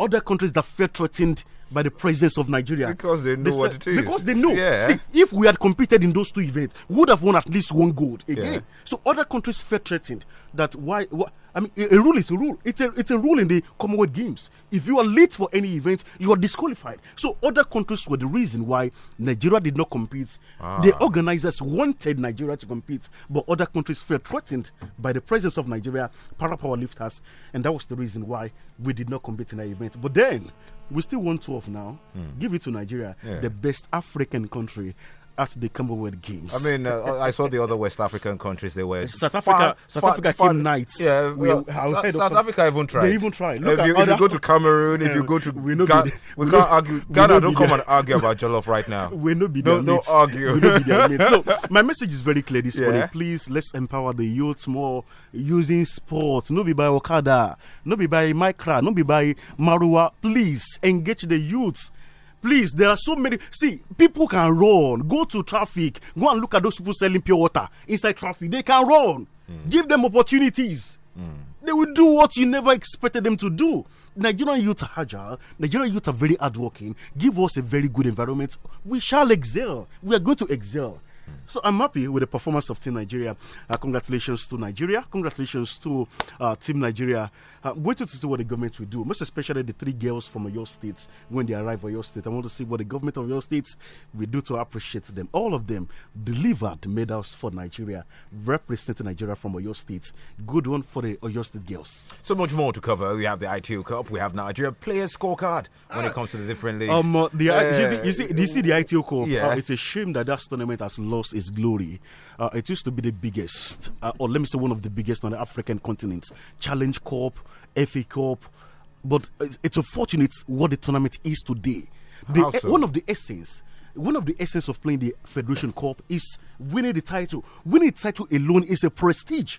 other countries that felt threatened by the presence of Nigeria. Because they know they what it is. Because they know. Yeah. See, if we had competed in those two events, we would have won at least one gold again. Yeah. So other countries felt threatened that why, I mean, a, a, rule is a rule. It's a, it's a rule in the Commonwealth Games. If you are late for any event, you are disqualified. So other countries were the reason why Nigeria did not compete. Ah. The organizers wanted Nigeria to compete, but other countries felt threatened by the presence of Nigeria para powerlifters, and that was the reason why we did not compete in that event. But then we still want 12 now. Mm. Give it to Nigeria, yeah. the best African country at the Commonwealth Games. I mean, uh, I saw the other West African countries they were. South Africa, far, South far, Africa far, came ninth. Yeah, we, well, South, South Africa even tried. They even tried. Look if, you, if you, go to Cameroon, yeah, if you go to we, Ga- be, we, we can't argue. Ghana, don't come there. and argue about Jollof right now. we no be no, no argue. we no be there So my message is very clear this morning. Please let's empower the youth more using sports. No be by Okada, no be by Micra, no be by Marua. Please engage the youth Please, there are so many. See, people can run. Go to traffic. Go and look at those people selling pure water inside traffic. They can run. Mm. Give them opportunities. Mm. They will do what you never expected them to do. Nigerian youth are agile. Nigerian youth are very hardworking. Give us a very good environment. We shall excel. We are going to excel. So I'm happy with the performance of Team Nigeria. Uh, congratulations to Nigeria. Congratulations to uh, Team Nigeria. Uh, wait to see what the government will do, most especially the three girls from your states when they arrive at your state. I want to see what the government of your states will do to appreciate them. All of them delivered medals for Nigeria, representing Nigeria from your states. Good one for the Oyo State girls. So much more to cover. We have the ITU Cup. We have Nigeria player scorecard when it ah. comes to the different leagues. Um, uh, the, you, see, you, see, you see the ITU Cup. Yeah. Uh, it's a shame that that tournament has lost lost its glory. Uh, it used to be the biggest, uh, or let me say one of the biggest on the African continent. Challenge Cup, FA Cup, but it's unfortunate what the tournament is today. The, eh, so? One of the essence one of the essence of playing the Federation Cup is winning the title. Winning the title alone is a prestige.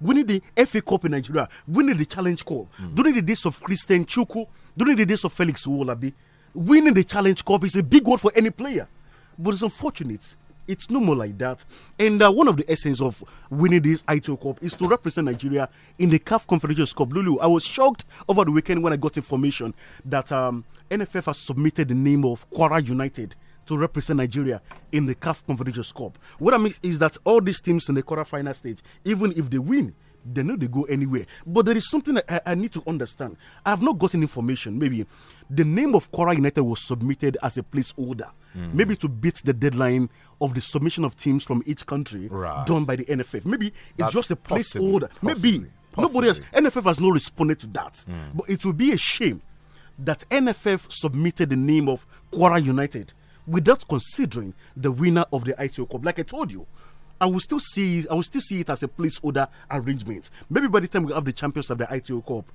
Winning the FA Cup in Nigeria, winning the Challenge Cup, mm. during the days of Christian Chuku, during the days of Felix Uolabi, winning the Challenge Cup is a big one for any player. But it's unfortunate it's no more like that. And uh, one of the essence of winning this ITO Cup is to represent Nigeria in the CAF Confederations Cup. Lulu, I was shocked over the weekend when I got information that um, NFF has submitted the name of Quara United to represent Nigeria in the CAF Confederations Cup. What I mean is that all these teams in the quarterfinal stage, even if they win, they know they go anywhere. But there is something I, I, need to understand. I have not gotten information. Maybe the name of Quora United was submitted as a placeholder, mm. maybe to beat the deadline of the submission of teams from each country right. done by the NFF. Maybe it's That's just a placeholder. Maybe possibly. nobody else. NFF has not responded to that. Mm. But it will be a shame that NFF submitted the name of Quora United without considering the winner of the ITO Cup. Like I told you, I will still see I will still see it as a placeholder arrangement. Maybe by the time we have the champions of the ITO Cup,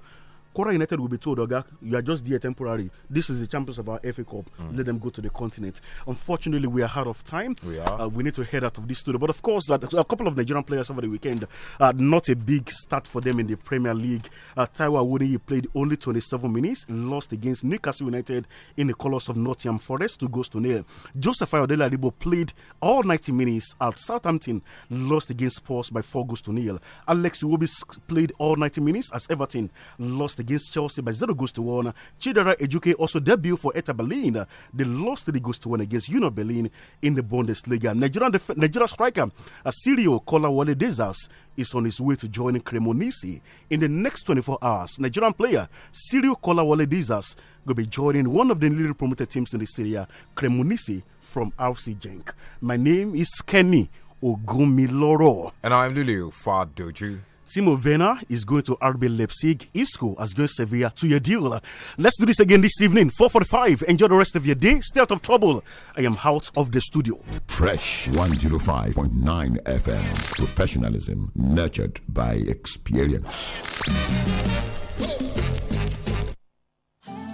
Kora United will be told, Oga, you are just there temporary. This is the champions of our FA Cup. Mm. Let them go to the continent. Unfortunately, we are out of time. We are. Uh, we need to head out of this studio. But of course, uh, a couple of Nigerian players over the weekend, uh, not a big start for them in the Premier League. Uh, Taiwa Awoniyi played only 27 minutes, lost against Newcastle United in the colours of Nottingham Forest, to go to nil. Joseph Ayodele Adibo played all 90 minutes at Southampton, lost against Spurs by four goals to nil. Alex Iwobi played all 90 minutes as Everton lost against Chelsea by 0 goals to 1. Chidera Ejuke also debuted for Eta Berlin. They lost 3 goals to 1 against Union Berlin in the Bundesliga. Nigerian, def- Nigerian striker Asirio Kolawole Desas is on his way to join Cremonese in the next 24 hours. Nigerian player Sirio Kolawole Desas will be joining one of the newly promoted teams in the Serie Cremonese from RC Genk. My name is Kenny Ogumiloro. And I'm Lulu Fadoju. Timo Werner is going to RB Leipzig. Isco has going Sevilla to your deal. Let's do this again this evening, 4.45. Enjoy the rest of your day. Stay out of trouble. I am out of the studio. Fresh 105.9 FM. Professionalism nurtured by experience.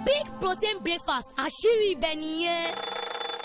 Big protein breakfast. Ashiri ibẹ̀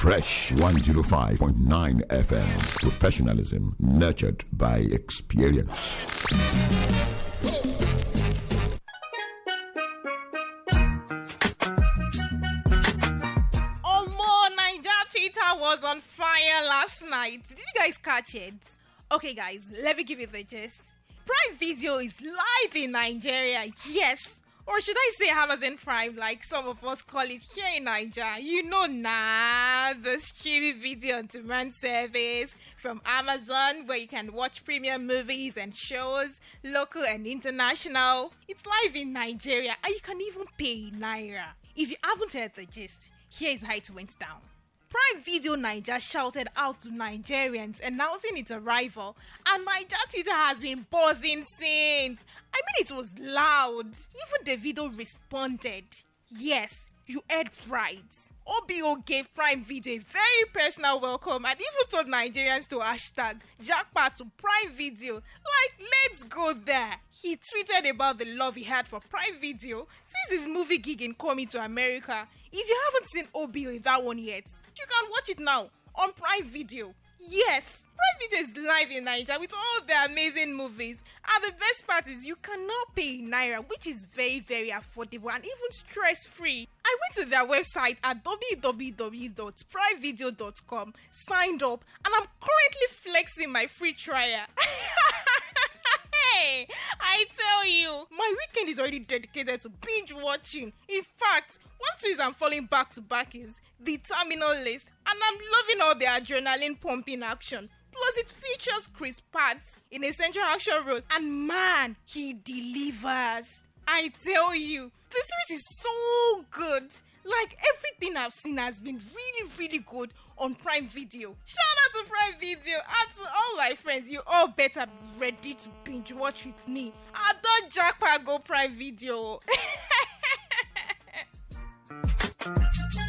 Fresh 105.9 FM. Professionalism nurtured by experience. Oh, more Niger Twitter was on fire last night. Did you guys catch it? Okay, guys, let me give you the gist. Prime Video is live in Nigeria. Yes or should I say Amazon Prime, like some of us call it here in Nigeria? You know, nah, the streaming video on demand service from Amazon where you can watch premium movies and shows, local and international. It's live in Nigeria and you can even pay Naira. If you haven't heard the gist, here is how it went down. Prime Video Niger shouted out to Nigerians announcing its arrival, and Niger Twitter has been buzzing since. I mean, it was loud. Even Davido responded. Yes, you heard right. OBO gave Prime Video a very personal welcome and even told Nigerians to hashtag jackpot to Prime Video. Like, let's go there. He tweeted about the love he had for Prime Video since his movie gig in Coming to America. If you haven't seen OBO in that one yet, You can watch it now on Prime Video. Yes, Prime Video is live in Nigeria with all the amazing movies. And the best part is you cannot pay in Naira, which is very, very affordable and even stress free. I went to their website at www.primevideo.com, signed up, and I'm currently flexing my free trial. hey, I tell you, my weekend is already dedicated to binge watching. In fact, one reason I'm falling back to back is the terminal list, and I'm loving all the adrenaline pumping action. Plus, it features Chris Pratt in a central action role, and man, he delivers. I tell you, the series is so good. Like everything I've seen has been really, really good on Prime Video. Shout out to Prime Video and to all my friends. You all better be ready to binge watch with me. I don't jackpot go Prime Video.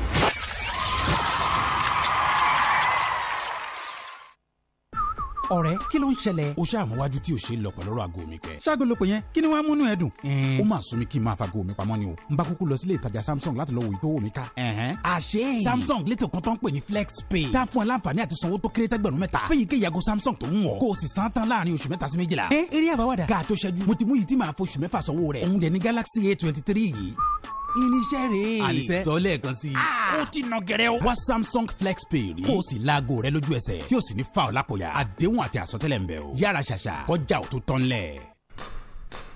ọ̀rẹ́ kí ló ń ṣẹlẹ̀. o ṣáà mọ wájú tí o ṣe ń lọ pẹ̀lú ọ̀rọ̀ aago mi kẹ. ṣáàgó ló pè yẹn kí ni wàá múnú ẹ dùn. ó máa sún mi kí n máa fago mi pamọ́ ni o. n bá kúkú lọ sílé ìtajà samsung láti lọ wo ìtọ́wò mi ká. àṣé samsung létò kan tó ń pè ní flexpay. tá a fún ẹ láǹfààní àti sanwó tó kéré tẹ́gbẹ̀rún mẹ́ta. fẹ́yìn kí samsung tó ń wọ̀. kó o sì san tán láàrin oṣù mẹ́ta sí méjìlá. ẹ eré àbáwádà. káà tó ṣẹ́jú mo ti galaxy a twenty irinṣẹ́ rèé. àníṣe sọ lẹ́ẹ̀kan sí ah! ó ti nà gẹ̀rẹ́ o. wá samsung flexpay rí. kó o sì laago rẹ lójú ẹsẹ̀ tí o sì ní fa ọ̀la pòyà. àdéhùn àti àsọtẹ́lẹ̀ ń bẹ o. yára ṣàṣà kọjá ò tó tán lẹ̀.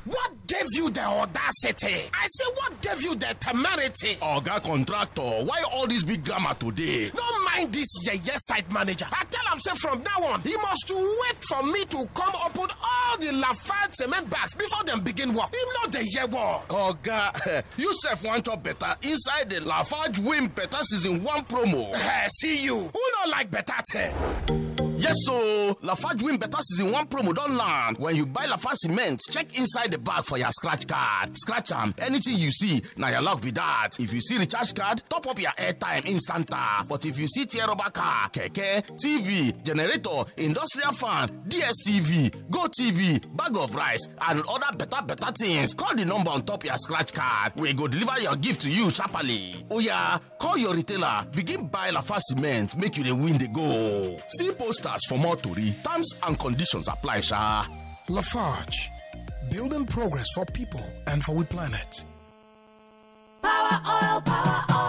What gave you the audacity? I say, what gave you the temerity? Oga contractor, why all this big grammar today? No mind this yeye site manager. I tell him, say, from now on, he must wait for me to come open all the Lafayette cement bags before them begin work. Him not the year war. Oga, you self want job better inside the Lafarge win better season one promo. Eh, see you. Who not like better? Thing? Yes, so Lafarge win better season one promo don't land. When you buy Lafarge cement, check inside the bag for your scratch card. Scratch am, anything you see, now your luck be that. If you see recharge card, top up your airtime instanta. But if you see tear rubber car, keke, TV, generator, industrial fan, DSTV, Go TV, bag of rice, and other better better things, call the number on top your scratch card. We go deliver your gift to you sharply. yeah, call your retailer, begin buy Lafarge cement, make you the win the goal. See post stars for more Tori. Terms and conditions apply, sha. Lafarge, building progress for people and for we planet. Power oil, power oil.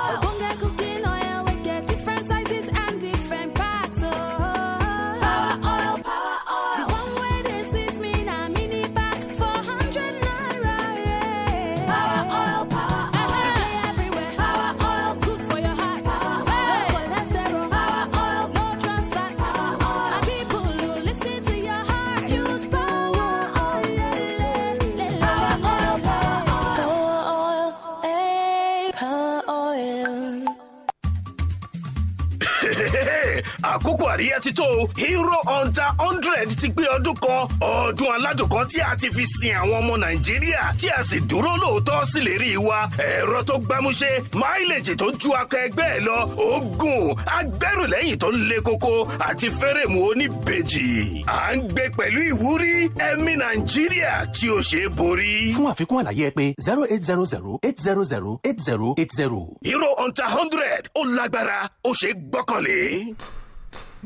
àkókò àríyá ti hero honda hundred ti gbé ọdún kan ọdún aládùn kan tí a ti fi sin àwọn ọmọ nàìjíríà tí a sì dúró lóòótọ́ sí lè rí i wa ẹ̀rọ tó gbámúṣé máìlèjì tó ju akọ ẹgbẹ́ ẹ lọ oògùn agbẹrùlẹ́yìn tó ń le koko àti fẹ́rẹ̀mù oníbejì à ń gbé pẹ̀lú ìwúrí ẹ̀mí nàìjíríà tí ó ṣe é borí. fún àfikún àlàyé ẹ pé zero eight zero zero eight zero zero eight zero eight zero. hero honda hundred ó lágbára ó ṣe é gbọ́kànlé.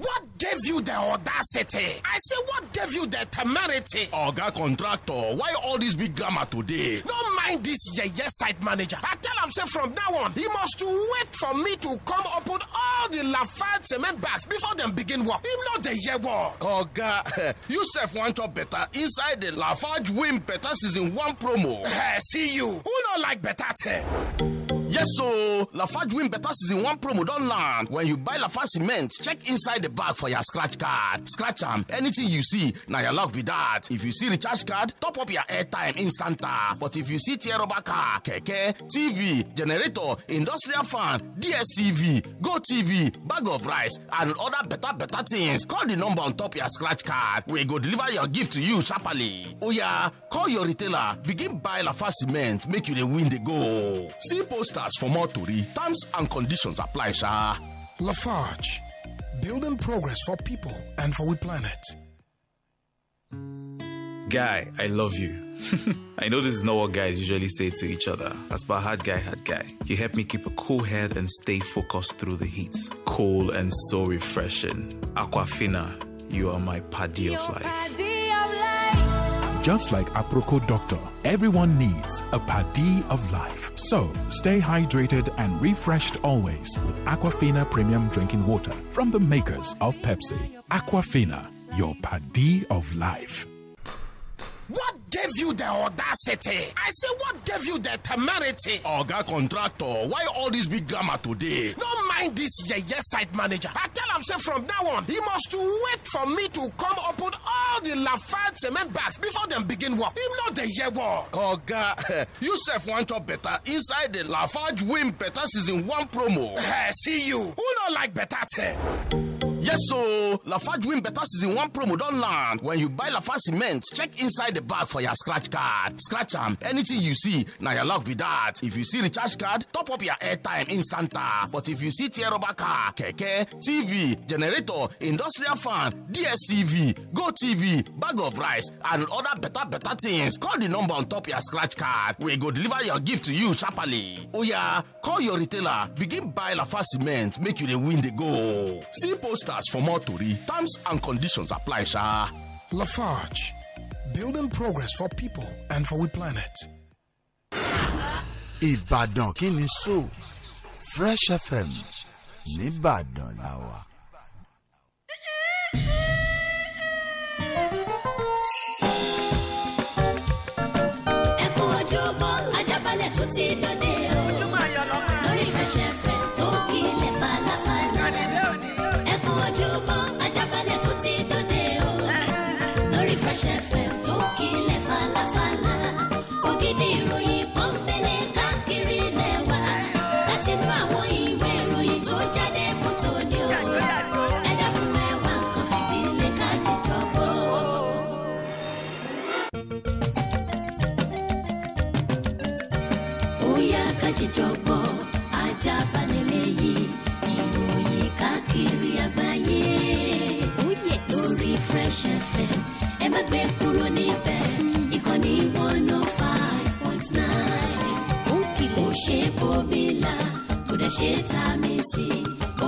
What gave you the audacity? I say, what gave you the temerity? Oga contractor, why all this big grammar today? Don't mind this yeye site manager. I tell him say from now on, he must wait for me to come open all the Lafayette cement bags before them begin work. Him not the year war. Oga, you self want to better inside the Lafarge win better season one promo. Eh, see you. Who not like better thing? Yes, so Lafarge win better season one promo don't land. When you buy Lafarge cement, check inside the bag for your scratch card. Scratch am, anything you see, now your luck be that. If you see recharge card, top up your airtime instanta. But if you see tear rubber car, keke, TV, generator, industrial fan, DSTV, Go TV, bag of rice, and other better better things, call the number on top your scratch card. We go deliver your gift to you sharply. Oh yeah, call your retailer, begin buy Lafarge cement, make you the win the go. See poster podcast for more Tori. Terms and conditions apply, sir. Lafarge, building progress for people and for we planet. Guy, I love you. I know this is not what guys usually say to each other. As per hard guy, hard guy, you help me keep a cool head and stay focused through the heat. Cool and so refreshing. Aquafina, you are my paddy of life. Just like Aproco Doctor, everyone needs a padi of life. So stay hydrated and refreshed always with Aquafina Premium Drinking Water from the makers of Pepsi. Aquafina, your padi of life. What gave you the audacity? I say, what gave you the temerity? Oga contractor, why all this big grammar today? Don't mind this yeye yeah, yeah, site manager. I tell him, say, from now on, he must wait for me to come open all the Lafayette cement bags before them begin work. Him not the year war. Oga, you self want job better inside the Lafarge win better season one promo. see you. Who not like better thing? Yes, so Lafarge win better season one promo don land. When you buy Lafarge cement, check inside the bag for your scratch card. Scratch am, anything you see, now your luck be that. If you see recharge card, top up your airtime instanta. But if you see tear rubber car, keke, TV, generator, industrial fan, DSTV, Go TV, bag of rice, and other better better things, call the number on top your scratch card. We go deliver your gift to you sharply. Oh yeah, call your retailer, begin buy Lafarge cement, make you the win the go. See poster stars for more Tori. Terms and conditions apply, sir. Lafarge, building progress for people and for we planet. Ibadan kini so Fresh FM nìbàdàn làwà. ẹ kú ojúbọ Ajaabale tó ti dòde o lórí Fresh FM. fresh níbẹ̀ ìkànnì one oh five point nine. ó kìlẹ̀ kò ṣe bomi la kò dẹ̀ ṣe ta mi sí.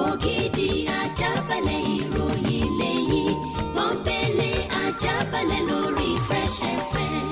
ògidì ajábalẹ̀ ìròyìn lẹ́yìn pọ́npẹ́lẹ́ ajábalẹ̀ lórí Fresh FM.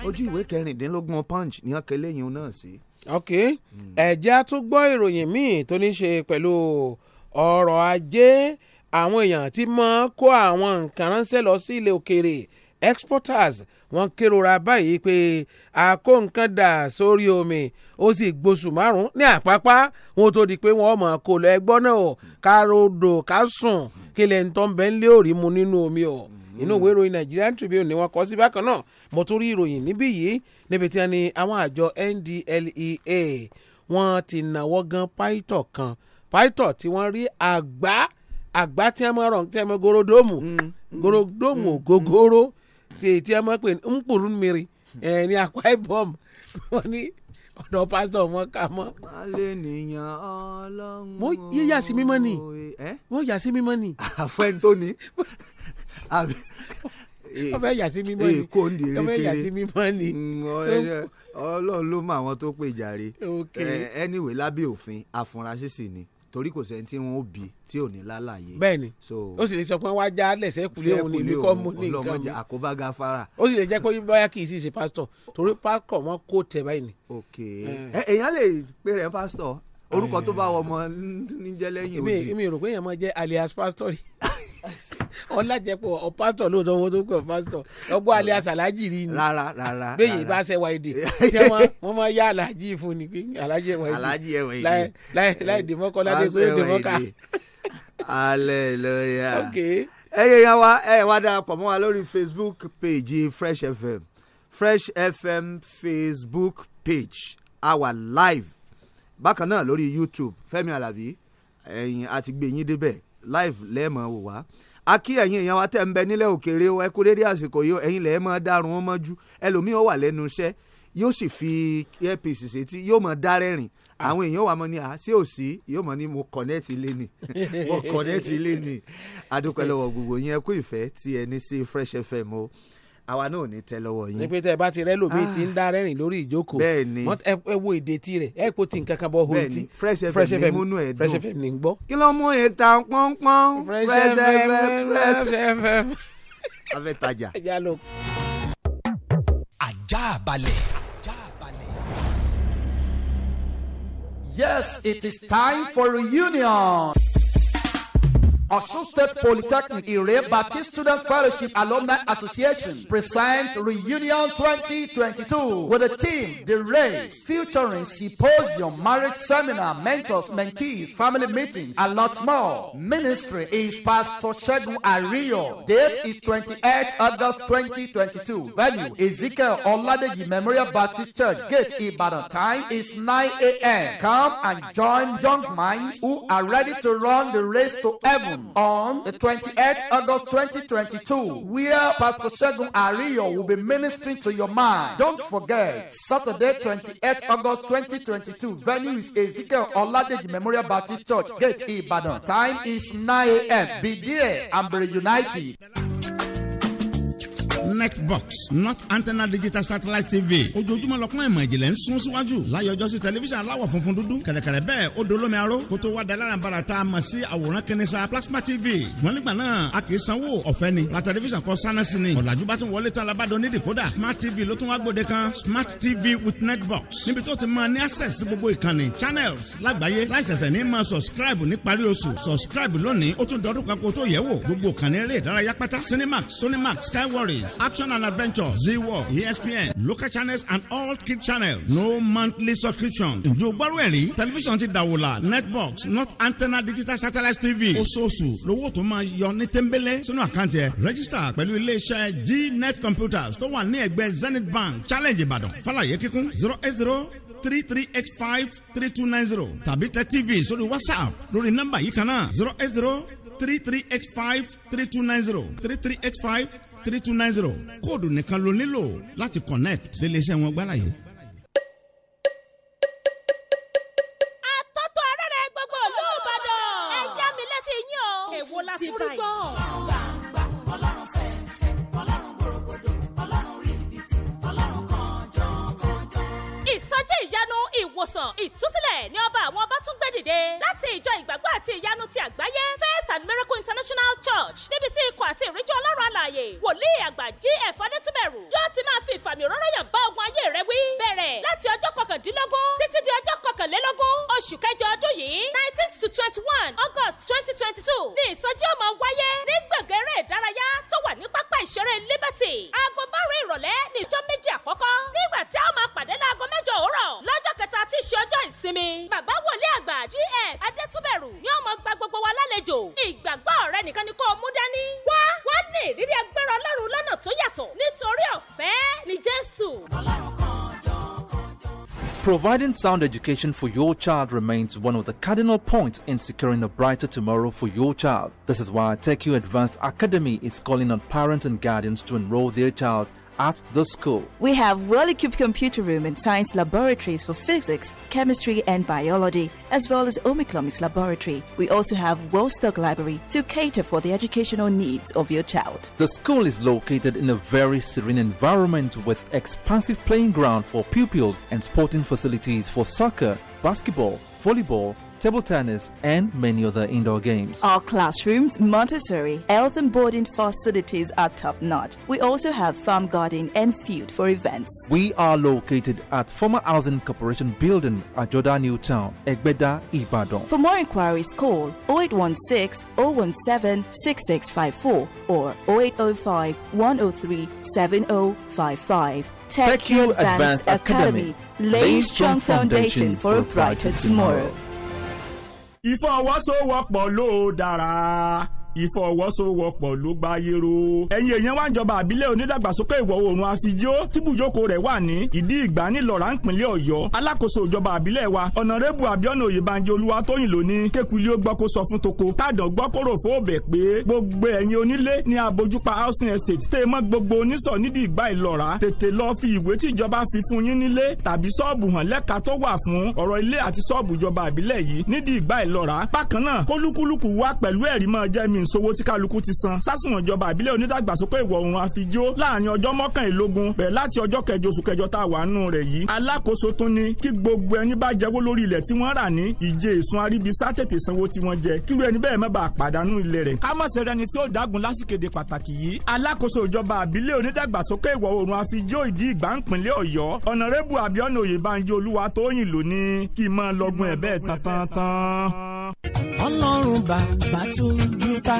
ojú ìwé kẹrìndínlógún punch ní ọkẹ lẹ́yìn náà sí. ok hmm. ẹ̀jẹ̀ a tún gbọ́ ìròyìn míì tó ní ṣe pẹ̀lú ọrọ̀ ajé àwọn èèyàn tí máa kó àwọn nǹkan ránṣẹ́ lọ sí ilé òkèèrè exporters wọ́n kérora báyìí pé àkó nǹkan dà sórí omi ó sì gbóṣù márùn ní àpápá wọn tó di pé wọ́n mọ̀ kó lọ ẹgbọ́n náà ká rodò ká sùn hmm. kí lẹ́ńtọ́ ń bẹ́ nínú omi ọ̀ inú ìwé ìròyìn Nigerian Tribune ni wọ́n kọ sí bákan náà mo tún rí ìròyìn níbí yìí níbi tí wọ́n ní àwọn àjọ NDLEA wọ́n ti náwó gan pító kan pító tí wọ́n rí àgbá àgbá tí wọ́n rọ̀ tí wọ́n gorodomu gorodomu mm, mm, mm, ògógóró tí wọ́n mọ̀ pé nkùrú mìíràn ẹ̀ ní Akwa Ibom wọ́n ní ọ̀dọ̀ pásítọ̀ wọn kà mọ́. alẹ́ nìyàn ọlọ́run. wọ́n yíyà sí mímọ́ ni wọ́n eh? yà sí mímọ́ ni. àfẹ́ntó ni. ọmọ ẹ̀yà mímọ́ ni ọmọ ẹ̀yà mímọ́ ni. Mm, ọlọ́run ló mọ àwọn tó pè jàre anyway lábẹ́ òfin afurasí sì ni torí kò sẹ́ni tí wọ́n ó tí ò ní lálàyé. bẹ́ẹ̀ni ó sì lè sọ pé wọn wá já lẹsẹ kulé òun ní ibi mú ní nǹkan mi àkóbá gafara. ó sì lè jẹ́ pé báyà kì í sì ṣe pásítọ̀ torí pákọ̀ wọn kò tẹ̀ báyìí ni. ok eh. èèyàn lè pè rẹ pásítọ̀ orúkọ tó bá wọ ọmọ níjẹ lẹ́yìn òdì. mi ò rò pé èèyàn máa jẹ́ alias pásítọ̀ rí. ọlájẹpọ̀ ọ pásítọ̀ lóòótọ́ owó tó pẹ̀ pásítọ̀ ọgbọ́n alẹ́ àṣàlájì rí ni rárá rárá bẹ́ẹ̀ bá ṣe wa èdè ṣé wọ́n máa yá alájì fún ni pé alájì ẹ̀wọ̀n èdè láì dè mọ́kọ́ láti pé dè mọ́kà. hallelujah ok ẹyẹ yẹn wá ẹ wá darapọ̀ mọ́ wa lórí facebook page fresh fm fresh fm facebook page our live bákan náà lórí youtube fẹ́mi alábí ẹ̀yin àti gbẹ̀yìn débẹ̀ live lẹ́ẹ̀mọ́ wò wá a kí ẹ̀yin èèyàn wa tẹ̀ ń bẹ nílẹ̀ òkèèrè o ẹ kú dédé àsìkò yìí o ẹ̀yin lẹ́ẹ̀ mọ́ dárun ó mọ́jú ẹlòmíì ó wà lẹ́nu iṣẹ́ yóò sì fi earpiece sétí yóò mọ dárẹ́rìn àwọn èèyàn wà mọ ní à sí yóò mọ ní mo connect ilé ni mo connect ilé ni adúpẹ́ gbogbo yín kú ìfẹ́ tí ẹ sí Fresh FM o àwa náà ò ní tẹ́ lọ́wọ́ yín. pé tẹ́ ẹ bá ti rẹ́ lòmíì tí ń ah. dá rẹ́rìn lórí ìjókòó bẹ́ẹ̀ni ẹ wo èdè tí rẹ̀ ẹ kò tí nǹkan kan bọ́ ohun tí fresh fm ni múnú ẹ dùn fresh fm ni gbọ́. kí ló mú ìta pọ́npọ́n fresh fm fresh fm. a fẹ́ tajà. ajá balẹ̀. Yes, it is time for reunion. Osun State Polytechnic Area Baptist Student Fellowship Alumni Association presents Reunion 2022 with a team The Race featuring symposium, marriage seminar, mentors, mentees, family meeting, and lots more. Ministry is Pastor Shegun Ario. Date is 28 August 2022. Venue Ezekiel Oladegi Memorial Baptist Church, Gate Ibadan. Time is 9 a.m. Come and join young minds who are ready to run the race to heaven on the 28th August 2022, where Pastor Shagun Ario will be ministering to your mind. Don't forget, Saturday 28th August 2022, venue is Ezekiel Oladeji Memorial Baptist Church, Gate Ibadan. Time is 9 a.m. Be there and be reunited. internet box not antenna digital satellite tv ojoojúmọ́ lọ́kùnrin ìmọ̀ ìjìnlẹ̀ ń sún síwájú láyọjọ́ sí tẹlifíṣàn aláwọ̀ funfun dúdú kẹ̀rẹ̀kẹ̀rẹ̀ bẹ́ẹ̀ ó dolómi aró kó tó wá dalẹ́ àràǹbarà tá a mọ̀ sí àwòrán kẹnisa plasma tv wọn nígbà náà a kì í sanwó ọ̀fẹ́ ni la tẹlifíṣàn kọ sánẹ́sì ni ọ̀làjú bá tún wọlé tán labádọ́ ní decoder smart tv ló tún wá gbòde kan smart tv with netbox níbi tó ti máa ní access sí gbogbo ìkànnì channels lágbàáyé láìsẹ̀sẹ̀ ní máa subscribe ní parí oṣù subscribe lónìí ó tún dọ́dún kan kó tó yẹ̀ wò gbogbo ìkànnì eré ìdárayá pátá cinemax sonymax skywarriors action and adventure, Z ESPN, local channels and all kid channels. No monthly subscription. Ìjọ gbọ́rọ̀ ẹ̀rí tẹlifíṣàn ti dàwòlà netbox not antenna digital satellite tv. Oṣooṣù lówó tó máa yọ ní tẹ́ńbẹ́lẹ́ sínú àkáǹtì ẹ̀. Rẹ́gísítà pẹ̀lú iléeṣẹ́ Gnet computers tó wà ní ẹgbẹ́ Zenith Bank Challenge Ìbàdàn. Fàlàyé kíkún zero eight zero three three eight five three two nine zero tàbí tẹ TV sórí WhatsApp lórí nọ́mbà yìí kan náà zero eight zero three three eight five three two nine zero three three eight five three two nine zero kóòdù nìkan ló nílò láti connect lè lè ṣe wọn gbára yìí. ìwòsàn ìtúsílẹ̀ ni ọba àwọn ọba tún gbé dìde láti ìjọ ìgbàgbọ́ àti ìyanu ti àgbáyé faith and miracle International Church níbi tí ikọ̀ àti ìríjọ́ ọlọ́run àlàyé wòlíì àgbà G.F. Adétúbẹ̀rù yóò ti máa fi ìfàmì òróró yàn bá ogun ayé rẹ wí. bẹ̀rẹ̀ láti ọjọ́ kọkàndínlógún títí di ọjọ́ kọkànlélógún oṣù kẹjọ ọdún yìí nineteen to twenty one August twenty twenty two ni ìsọjí ó máa wáyé ní gbọ̀ngàn eré ìdárayá tó wà ní pápá ìṣeré Liberty aago márùn-ún ìrọ̀lẹ́ ní ìjọ méjì gf adétúbẹ̀rù ni gba gbogbo wa lálejò ìgbàgbọ́ rẹ nìkan ni kò mú dání wá wá ní ìrírí agbára ọlọ́run lọ́nà tó yàtọ̀ nítorí ọ̀fẹ́ ni jésù. nitori ofe ni jesu Providing sound education for your child remains one of the cardinal points in securing a brighter tomorrow for your child. This is why TechU Advanced Academy is calling on parents and guardians to enroll their child at the school. We have well equipped computer room and science laboratories for physics, chemistry, and biology, as well as Omiclomics laboratory. We also have well stocked library to cater for the educational needs of your child. The school is located in a very serene environment with expansive playing ground for pupils and sporting facilities for soccer, basketball, volleyball, table tennis, and many other indoor games. Our classrooms, Montessori, health and boarding facilities are top notch. We also have farm garden and field for events. We are located at former Housing Corporation building at Joda New Town, Egbeda, Ibadan. For more inquiries, call 0816 017 6654 or 0805 103 7055. TechU Advanced, Advanced Academy, Academy lays strong foundation for a brighter tomorrow. tomorrow. ìfọwọ́sowọ́pọ̀ ló dára ìfọwọ́sowọ́pọ̀ ló gba ayé ro. ẹ̀yin èèyàn wá ń jọba àbílẹ̀ onídàgbàsókè ìwọ̀ oòrùn àfijó tíbùjókòó rẹ̀ wà ní ìdí ìgbà ńìlọ́ra ńpínlẹ̀ ọ̀yọ́ alákòóso ìjọba àbílẹ̀ wa ọ̀nàrẹ́bù abiona oyèbánjẹ olúwatóyìn lóní kékulí ó gbọ́ kó sọ fún toko tádàn gbọ́ kóró fó bẹ̀ pé gbogbo ẹ̀yin onílé ní abojúpa housing estate tẹ́ ẹ mọ́ gbogbo onísọ̀ nídìí ìgbà ìlọ́ra tètè lọ fi ìwé tí ìjọba fi fún yín nílé tàbí sọ́ọ̀bù hàn lẹ́ka tó wà fún ọ̀rọ̀ ilé àti sọ́ọ̀bù ìjọba àbílẹ̀ yìí nídìí ìgbà ìsowó tí kálukú ti san sásùn ìjọba ìbílẹ̀ onídàgbàsókè ìwọ̀ oòrùn àfijó láàrin ọjọ́ mọ́kànlélógún bẹ̀rẹ̀ láti ọjọ́ kẹjọ oṣù kẹjọ tá a wà nù rẹ̀ yìí alákòóso tún ni kí gbogbo ẹni bá jẹ́wó lórí ilẹ̀ tí wọ́n rà ní ìje èsùn aríbisá tètè sanwó tí wọ́n jẹ kíru ẹni bẹ́ẹ̀ má pàdánù ilẹ̀ rẹ̀. kámọ̀sẹ̀ rẹ ni tí ó dágun lásìkéde pàtàkì yìí alákòóso ìjọba àbílẹ̀ onídàgbàsókè ìwọ̀ oòrùn àfijó ìdí ìgbà ọ̀yọ́ ọ̀nàrẹ́bù àbíọ́nà òyìnbáyé olúwa tóyìn lónìí kì í máa lọ́gbọ́n ẹ̀ tán tán tán. ọlọ́run bàbá tó dúró ká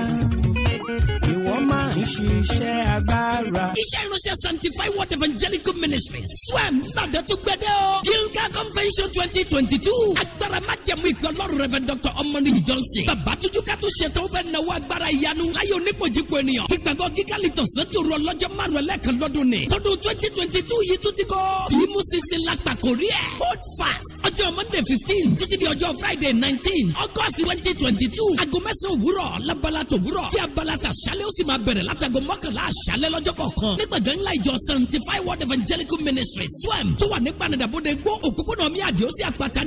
ìwọ máa ń ṣiṣẹ́ agbára. iṣẹ́ ìránṣẹ́ sanctify word evangelical ministries swam gbàdọ̀ tó gbẹdẹ́ o. guild Abuja convention 2022. twenty two agbára májẹ̀mú ìpè ọlọ́run rẹ̀ fẹ́ Dr. Ọmọnìyí Johnson bàbá tuju ká tó ṣe tán fẹ́ náwó agbára ìyanu láyé onípojípo ènìyàn gbígbàgbọ́ gígálì tọ̀sán tó rọ lọ́jọ́ márùn ẹlẹ́kan lọ́dún ni tọdún twenty twenty two yìí tún ti kọ́ dìímù sísè lápá kórí ẹ̀ hold fast ọjọ́ Monday fifteen títí di ọjọ́ Friday nineteen August twenty twenty two aago mẹ́sàn-án òwúrọ̀ lábala tòwúrọ̀ tí abala tà ṣálẹ̀ ó sì máa bẹ̀rẹ̀ látago mọ́kànlá àṣálẹ̀ lọ́jọ́ kọ̀ọ̀kan nígbàgbọ́ ńlá ìjọ sanctify world evangelical ministry swam tó wà ní gbanadàbọ̀dẹ̀ gbọ́ òpópónà mi àdìó sí nìbàdàn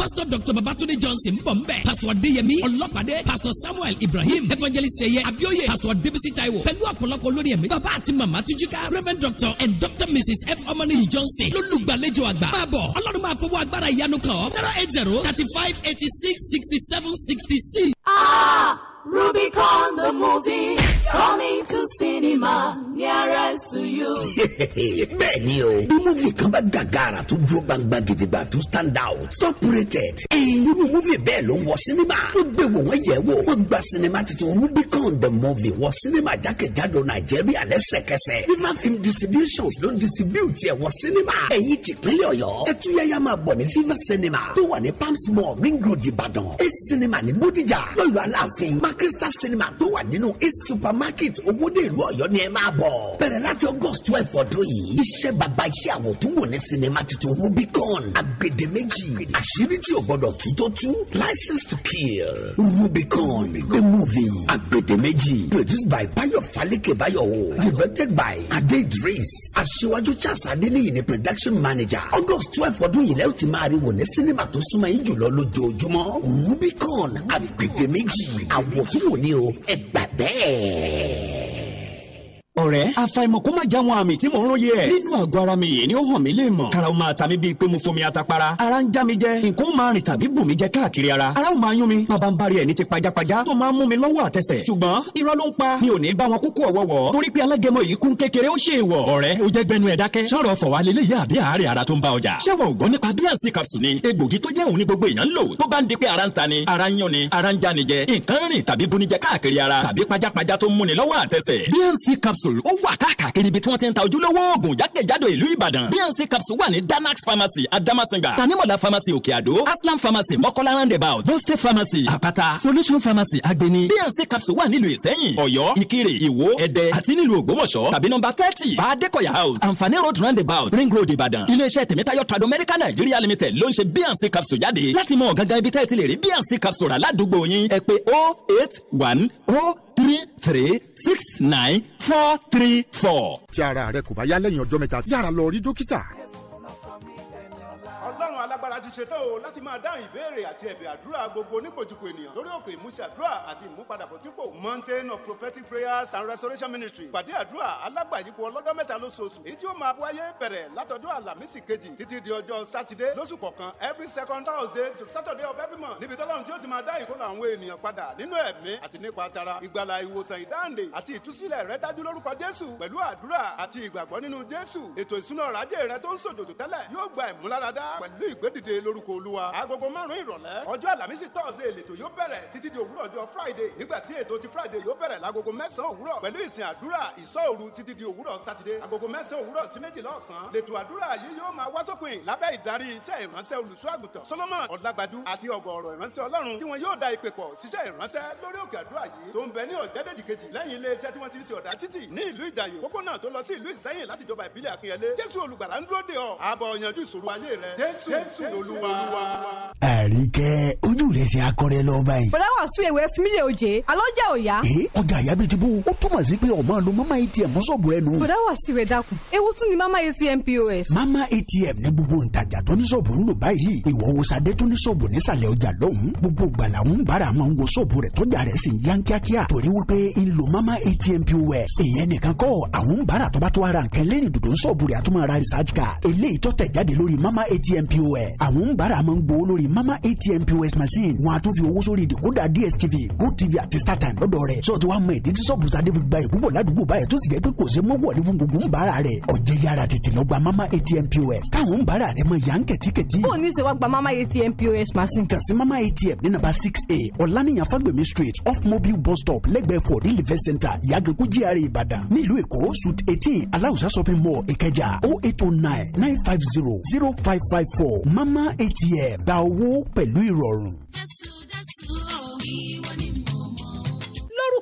pásítọ̀ dr babatunde johnson ń bọ̀ ń bẹ̀ adéyẹmí ọlọ́pàdé pásítọ̀ samuel ibrahim evangelist seye abioye pásítọ̀ debisi taiwo pẹ̀lú ọ̀pọ̀lọpọ̀ lórí ẹ̀mí bàbá àti màmá tujuka reverend doctor and doctor mrs f ọmọnìyí johnson lólùgbàlejò àgbà máa bọ̀ ọlọ́run máa fọwọ́ agbára ìyanu kan zero eight zero thirty five eighty six sixty seven sixty six. ah rubicon the movie. Coming to cinema nearest to you. bẹ́ẹ̀ni o bí múvì kan bá gàgàrà tó dúró gbangba gidigba tó stand out top rated. irú múvì bẹ́ẹ̀ ló ń wọ sinima. ó gbé wò wọ́n yẹ̀ wò wọ́n gba sinima titun Rubicon the movie wọ sinima jákèjádò Nàìjíríà lẹ́sẹ̀kẹsẹ̀. Viva Film Distributions ló ń distribute ẹ̀ wọ sinima. ẹ̀yin tìpínlẹ̀ Ọ̀yọ́ ẹtúyẹ́yà máa bọ̀ ní Viva Cinema tó wà ní Palms Mall Ring Road Ìbàdàn eight cinema ní Bódìjà lọ́yọ̀ Aláàfin Macrista Cinema tó wà nínú eight super supermarket owóde ìlú ọ̀yọ́ ni ẹ máa bọ̀. bẹ̀rẹ̀ láti august twelve ọdún yìí iṣẹ́ bàbá iṣẹ́ àwọn tó wò ní sinimá titun rubicon agbedeméjì àṣírí tí o gbọdọ̀ tú tó tú license to kill rubicon the movie agbedeméjì produced by bayo falike bayowo directed by ade idris aṣíwájú charles adeniyi ni production manager august twelve ọdún yìí lẹ́yìn tí máa rí wò ní sinimá tó súnmọ́ yín jùlọ lójoojúmọ́ rubicon agbedeméjì àwọ̀ tí wò ní o ẹ gbà bẹ́ẹ̀. Yeah. ọ̀rẹ́ àfàìmọ̀ kó má já wọn àmì tí mò ń róye ẹ̀. nínú àgọ́ ara mi yìí ni ó hàn mí lè mọ̀. karaw máa ta mi bíi pé mo fomi atapara. ara ń já mi jẹ nǹkan máa rìn tàbí bù mí jẹ káàkiri ara. ara ò máa yún mi. bàbá ń bari ẹ̀ ní ti pajápajá tó máa ń mú mi lọ́wọ́ àtẹsẹ̀. ṣùgbọ́n irọ́ ló ń pa. mi ò ní bá wọn kúkú ọ̀wọ́wọ́. torí pé alágẹmọ yìí kún kékeré ó ṣe ìwọ̀. ọ̀rẹ́ o jẹ́ gbẹnu ẹ̀ dákẹ́. sọ̀rọ̀ fọ̀ ni egbògi tó jẹ́ òun ni gbogbo èèyàn ń lò tó bá ń capsule ó wà káàkiri ibi tí wọ́n ti ń ta ojúlówó oògùn jákèjádò ìlú Ìbàdàn bnc capsule wà ní danax pharmacy adamasinga tanimola pharmacy òkè àdó aslam pharmacy mọ́kọ́lá roundabout boste pharmacy àpáta solution pharmacy agbeni bnc capsule wà nílùú Ìsẹ́yìn Ọ̀yọ́ Ìkirè Ìwó Ẹdẹ àti nílùú Ògbómọ̀ṣọ́ tàbí nọ́mbà thirty bá Adékọ̀yà house àǹfààní road roundabout ring road Ìbàdàn iléeṣẹ́ tèmítayọ̀ trado medical Nigeria limited ló ń ṣe bnc capsule jáde láti mọ̀ gangan ibi tẹ́ẹ̀ ti lè rí bnc capsule rà yín ẹ pé oh eight one oh three three six nine four three four. tí ara rẹ kò bá yá lẹ́yìn ọjọ́ mẹ́ta yára lọ rí dókítà. ọlọ́run alágbára ti ṣetán o láti máa dáhùn ìbéèrè àti ẹ̀bẹ̀ àdúrà gbogbo oníkojúkọ ènìyàn lórí òkè ìmúṣẹ àdúrà àti ìmúpadàbọ̀ tí kò. mountain of prophetic prayers and restoration ministry pàdé àdúrà alágbàyípo ọlọ́jọ́ mẹ́ta lóṣooṣù èyí tí ó máa wáyé bẹ̀rẹ̀ látọjọ́ àlàmísì kejì títí di ọjọ́ sátidé lóṣù kọ̀ọ̀kan every second thursday to saturday of every month níbi tọ́lọ́run tí ó ti máa dá ìkólọ àwọn ènìyàn padà nínú ẹ̀mí àti nípa tara ìgbàlà ìwòsàn ìdáǹdè àti ìtúsílẹ̀ rẹ dájú lórúkọ jésù pẹ̀lú àdúrà àti ìgbàgbọ́ nínú jésù ètò ìsúná ọ̀rọ̀ ajé rẹ tó ń sòdòdò tẹ́lẹ̀ yóò gba ìmúláradá pẹ̀lú ìgbédìde lórúkọ olúwa. agogo márùn-ún ìrọ̀lẹ́ ọjọ́ àlàmísì tọ́sídẹ̀ẹ́ lètò yóò bẹ̀rẹ̀ títí di òwúrọ̀ ọjọ́ friday nígbà tí ètò ti friday yóò bẹ̀rẹ̀ lágogo mẹ́sàn-án òwúrọ̀ pẹ̀lú ìsìn àdúrà ìsọ̀òru títí di òwúrọ̀ sátidé agogo mẹ́sàn-án òwúrọ̀ sí méjìlá ọ̀sán lètò àdúrà yìí yóò máa wá sópin lábẹ́ ìdarí iṣẹ́ ìránṣẹ́ olùṣọ́àgùtàn solomon ọ̀làgbàdú àti ọ̀gọ̀ọ̀rọ̀ ìránṣẹ́ ọlọ́run tí wọn yóò da ìpè pọ̀ síṣẹ́ ìránṣẹ́ lórí òkè àdúrà yìí tó ń bẹ ní ọ̀jẹ́dẹ́jì kejì lẹ́yìn iléeṣẹ́ tí wọ́n ti ń ṣe ọ̀dà títì ní ìlú ìjàyè kókó náà tó lọ sí ìlú ìsẹ́yìn láti jọba ìbílẹ̀ àkínyẹlé jésù olùgbàlà ń dúró de ọ àbọ̀ ọ̀yànjú ìṣòro ayé rẹ jésù jésù lolúwa. àríkẹ́ ojú rẹ̀ ṣe akọrẹ lọ báyìí. bọ̀dá wà sún ewé fúnmílẹ̀ òjé alọ́jà òya. ee ọjà àyà bíi ti bó túmọ̀ sí pé ọmọ lo mama atm sọ̀bù rẹ bọ̀dá wà sí ìwé dàkún ewu tún ni mama atm pos. mama atm ní gbogbo ntajà tó ní sọ̀bù ń lò báyìí ìwọ wo sadé tó ní sọ̀bù nísàlẹ̀ ọjà lọ́hùn gbogbo gbala ń bára máa ń wo sọ̀bù rẹ̀ tọ́jà rẹ̀ sì ń yan kíákíá torí wípé ń lo mama atm pos èèyàn nìkan kọ́ àwọn ń bára tó tó ara nǹkan lẹ́yìn dòdò ń sọ̀bù POS. àwọn bára máa ń gbowó lórí mama ATM POS machine wọn a tún fi owó sórí ìdìkódà DSTV GoTV àti StarTime lọ́dọ̀ rẹ̀ sọ ti wá mọ ìdí tí sọ́ọ̀bù sadé fi gba ìbúbọ̀ ládùúgbò báyẹn tó sì jẹ́ pé kò ṣe mọ́wọ́ ní gbogbo ń bára rẹ̀ ọ̀jẹ̀ yára tètè lọ gba mama ATM POS táwọn ń bára rẹ̀ mọ ìyá ń kẹ̀tíkẹ̀tí. ó ní ìṣèwà gba mama ATM POS machine. kàn sí mama ATM ní nàbà six a ọ̀lànìyàn fagbemi street off mobile bus stop lẹ́gbẹ̀ẹ́ for the live center yàgànkú GRA Ìbàdàn nílùú Èkó suit eighteen aláùsá shopping mall Ìkẹjà o oh eight o oh nine nine five zero zero five five four mama atm gba owó pẹ̀lú ìrọ̀rùn. jésù jésù òun ìwọ ni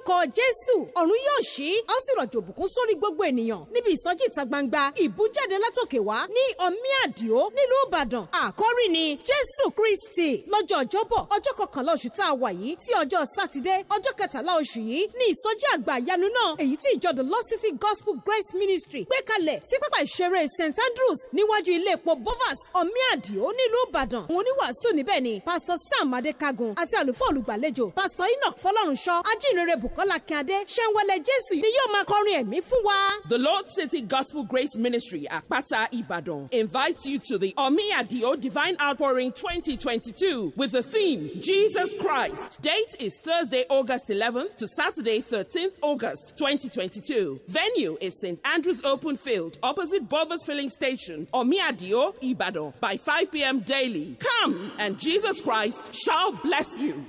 lórúkọ jésù ọ̀run yóò ṣí ó sì rọ̀jò bùkún sórí gbogbo ènìyàn níbi ìsọjí ìta gbangba ìbújáde látòkè wá ní ọmí àdìo nílùú ìbàdàn àkọ́rí ni jésù kristi lọ́jọ́ ọjọ́bọ̀ ọjọ́ kọkànlá oṣù tá a wà yìí sí ọjọ́ sátidé ọjọ́ kẹtàlá oṣù yìí ní ìsọjí àgbà ìyanu náà èyí tí ìjọ the lost city gospel grace ministry gbé kalẹ̀ sí pápá ìṣeré st andrews níwájú ilé epo bovas ọmí àdìo nílùú ìbàdàn òun oníwàásù níbẹ̀ ni pásítọ̀ sam adékagun àti àlùfáà olùgbàlejò pásítọ̀ enoch fọlọ́runṣọ́ ajínrere bùk Bùkọ́lá Kíadé Ṣẹ́ńwẹ́lẹ̀ Jésù ni yóò máa kọrin ẹ̀mí fún wa. The Lord City Gospel Grace Ministry Àpáta Ìbàdàn invites you to the Omi Adio Divine Outpouring 2022 with the theme Jesus Christ. Date is Thursday, August 11th to Saturday, 13th August 2022. Venue is St. Andrew's Open Field opposite Bovers Filling Station, Omi Adio, Ìbàdàn by 5 p.m. daily. Come and Jesus Christ shall bless you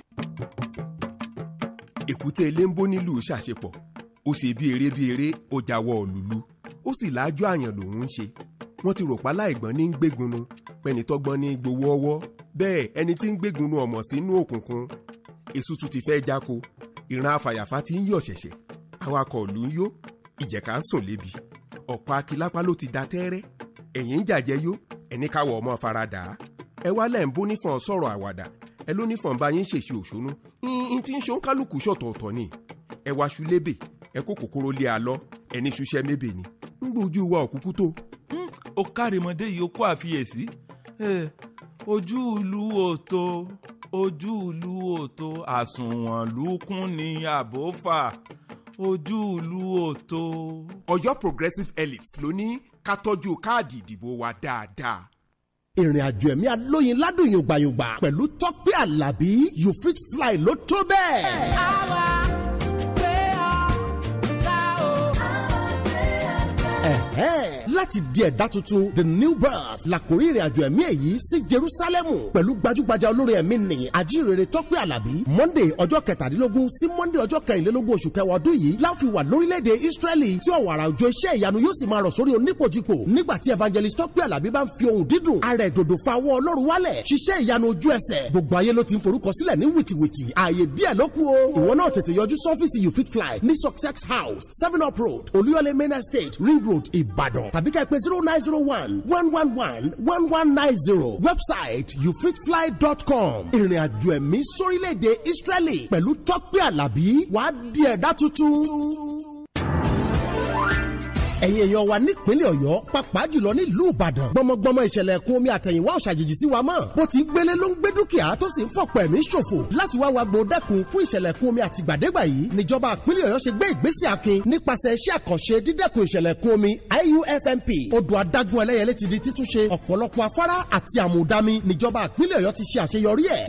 èkúté eléńbó nílùú ṣàṣepọ̀ ó ṣe bí eré bí eré ó jáwọ́ òlùlù ó sì láájú àyàn lòún ń ṣe wọ́n ti rò pa láìgbọ́n ní gbégunnu pẹ̀nitọ́gbọ́n ní gbowó ọwọ́ bẹ́ẹ̀ ẹni tí ń gbégunnu ọmọ sínú òkùnkùn èso tún ti fẹ́ jáko ìran afàyàfà ti ń yọ̀ ṣẹ̀ṣẹ̀ awakọ̀ òlù ń yó ìjẹ̀ka ń sùn lébi ọ̀pọ̀ akilápá ló ti da tẹ́rẹ́ ẹ̀yìn ń jàjẹ́ yó ẹni káwọ̀ ọmọ faradà ẹ wá ń bó nífọ̀n sọ̀rọ̀ àwàdà ẹ ló ní fọ̀nba yín ṣèṣe òṣónú n tí ń ṣe òǹkálùkù ṣọ̀tọ̀ọ̀tọ̀ ni ẹ wá aṣú lébè ẹ kó kòkòrò lé alọ́ ẹni ṣuṣẹ́ mébè ni ń gbójú wa òkúkú tó. Hmm, ó kárìmọ́dé yìí ó kó àfiyèsí ojú ìlú òtó ojú ìlú òtó àsùnwọ̀n lùkún ni àbófà ojú ìlú òtó. Ọ̀yọ́ progressive elites ló ní ká tọ́jú káàdì ìdìbò wa dáadáa ìrìn àjò ẹ̀mí alóyin ládùn yògbàyògbà pẹ̀lú Tọ́pẹ́ Àlàbí you fit fly ló tó bẹ́ẹ̀. láti di ẹ̀dá tuntun the new birth làkòrí ìrìnàjò ẹ̀mí èyí sí Jerúsálẹ́mù pẹ̀lú gbajúgbajà olórin ẹ̀mí nì ajírere Tọ́pẹ́ Àlàbí Monday ọjọ́ kẹtàdínlógún sí Monday ọjọ́ kẹrìnlélógún oṣù kẹwàá ọdún yìí láfi wà lórílẹ̀‐èdè Ísírẹ́lì tí ọ̀wàrà òjò iṣẹ́ ìyanu yóò sì máa rọ̀ sórí onípojìpò nígbà tí evangelist Tọ́pẹ́ Àlàbí bá ń fi ohun dídùn ara ìdòdò fa ọwọ́ Ọlọ́run wálẹ̀ ṣiṣẹ́ ìyanu ojú ẹsẹ̀ gbogbo ayé ló ti ń forúkọ sílẹ̀ ní wìtìwìtì ààyè díẹ̀ ló kù o ìwọ náà tètè yọjú sọ́fíìsì you fit fly ní success house seven up road olúyọlé main estate ring road road Ibadan tàbí ká pé zero nine zero one one one one one one nine zero website youfitfly.com ìrìn àjò ẹ̀mí sórílẹ̀-èdè Israeli pẹ̀lú Tọ́pẹ́ Àlàbí wàá di ẹ̀dá tuntun ẹ̀yin èèyàn wa nípínlẹ̀ ọ̀yọ́ pàápàá jùlọ nílùú ìbàdàn gbọmọgbọmọ ìṣẹ̀lẹ̀ ẹ̀kún omi àtẹ̀yìnwá ọ̀ṣàjèjì sí wa mọ́ bó ti ń gbélé ló ń gbé dúkìá tó sì ń fọ̀pọ̀ ẹ̀mí ṣòfò láti wá wa gbọ́ dẹ́kun fún ìṣẹ̀lẹ̀ ẹ̀kún omi àtìgbàdégbà yìí níjọba ìpínlẹ̀ ọ̀yọ́ ṣe gbé ìgbésẹ̀ akin nípasẹ̀ iṣẹ́ àkànṣe dídẹ́kun ìṣẹ̀lẹ̀ ti di títúnṣe ọ̀pọ̀lọpọ̀ afárá àti àmùdámi níjọba ìpínlẹ̀ ọ̀yọ́ ti ṣe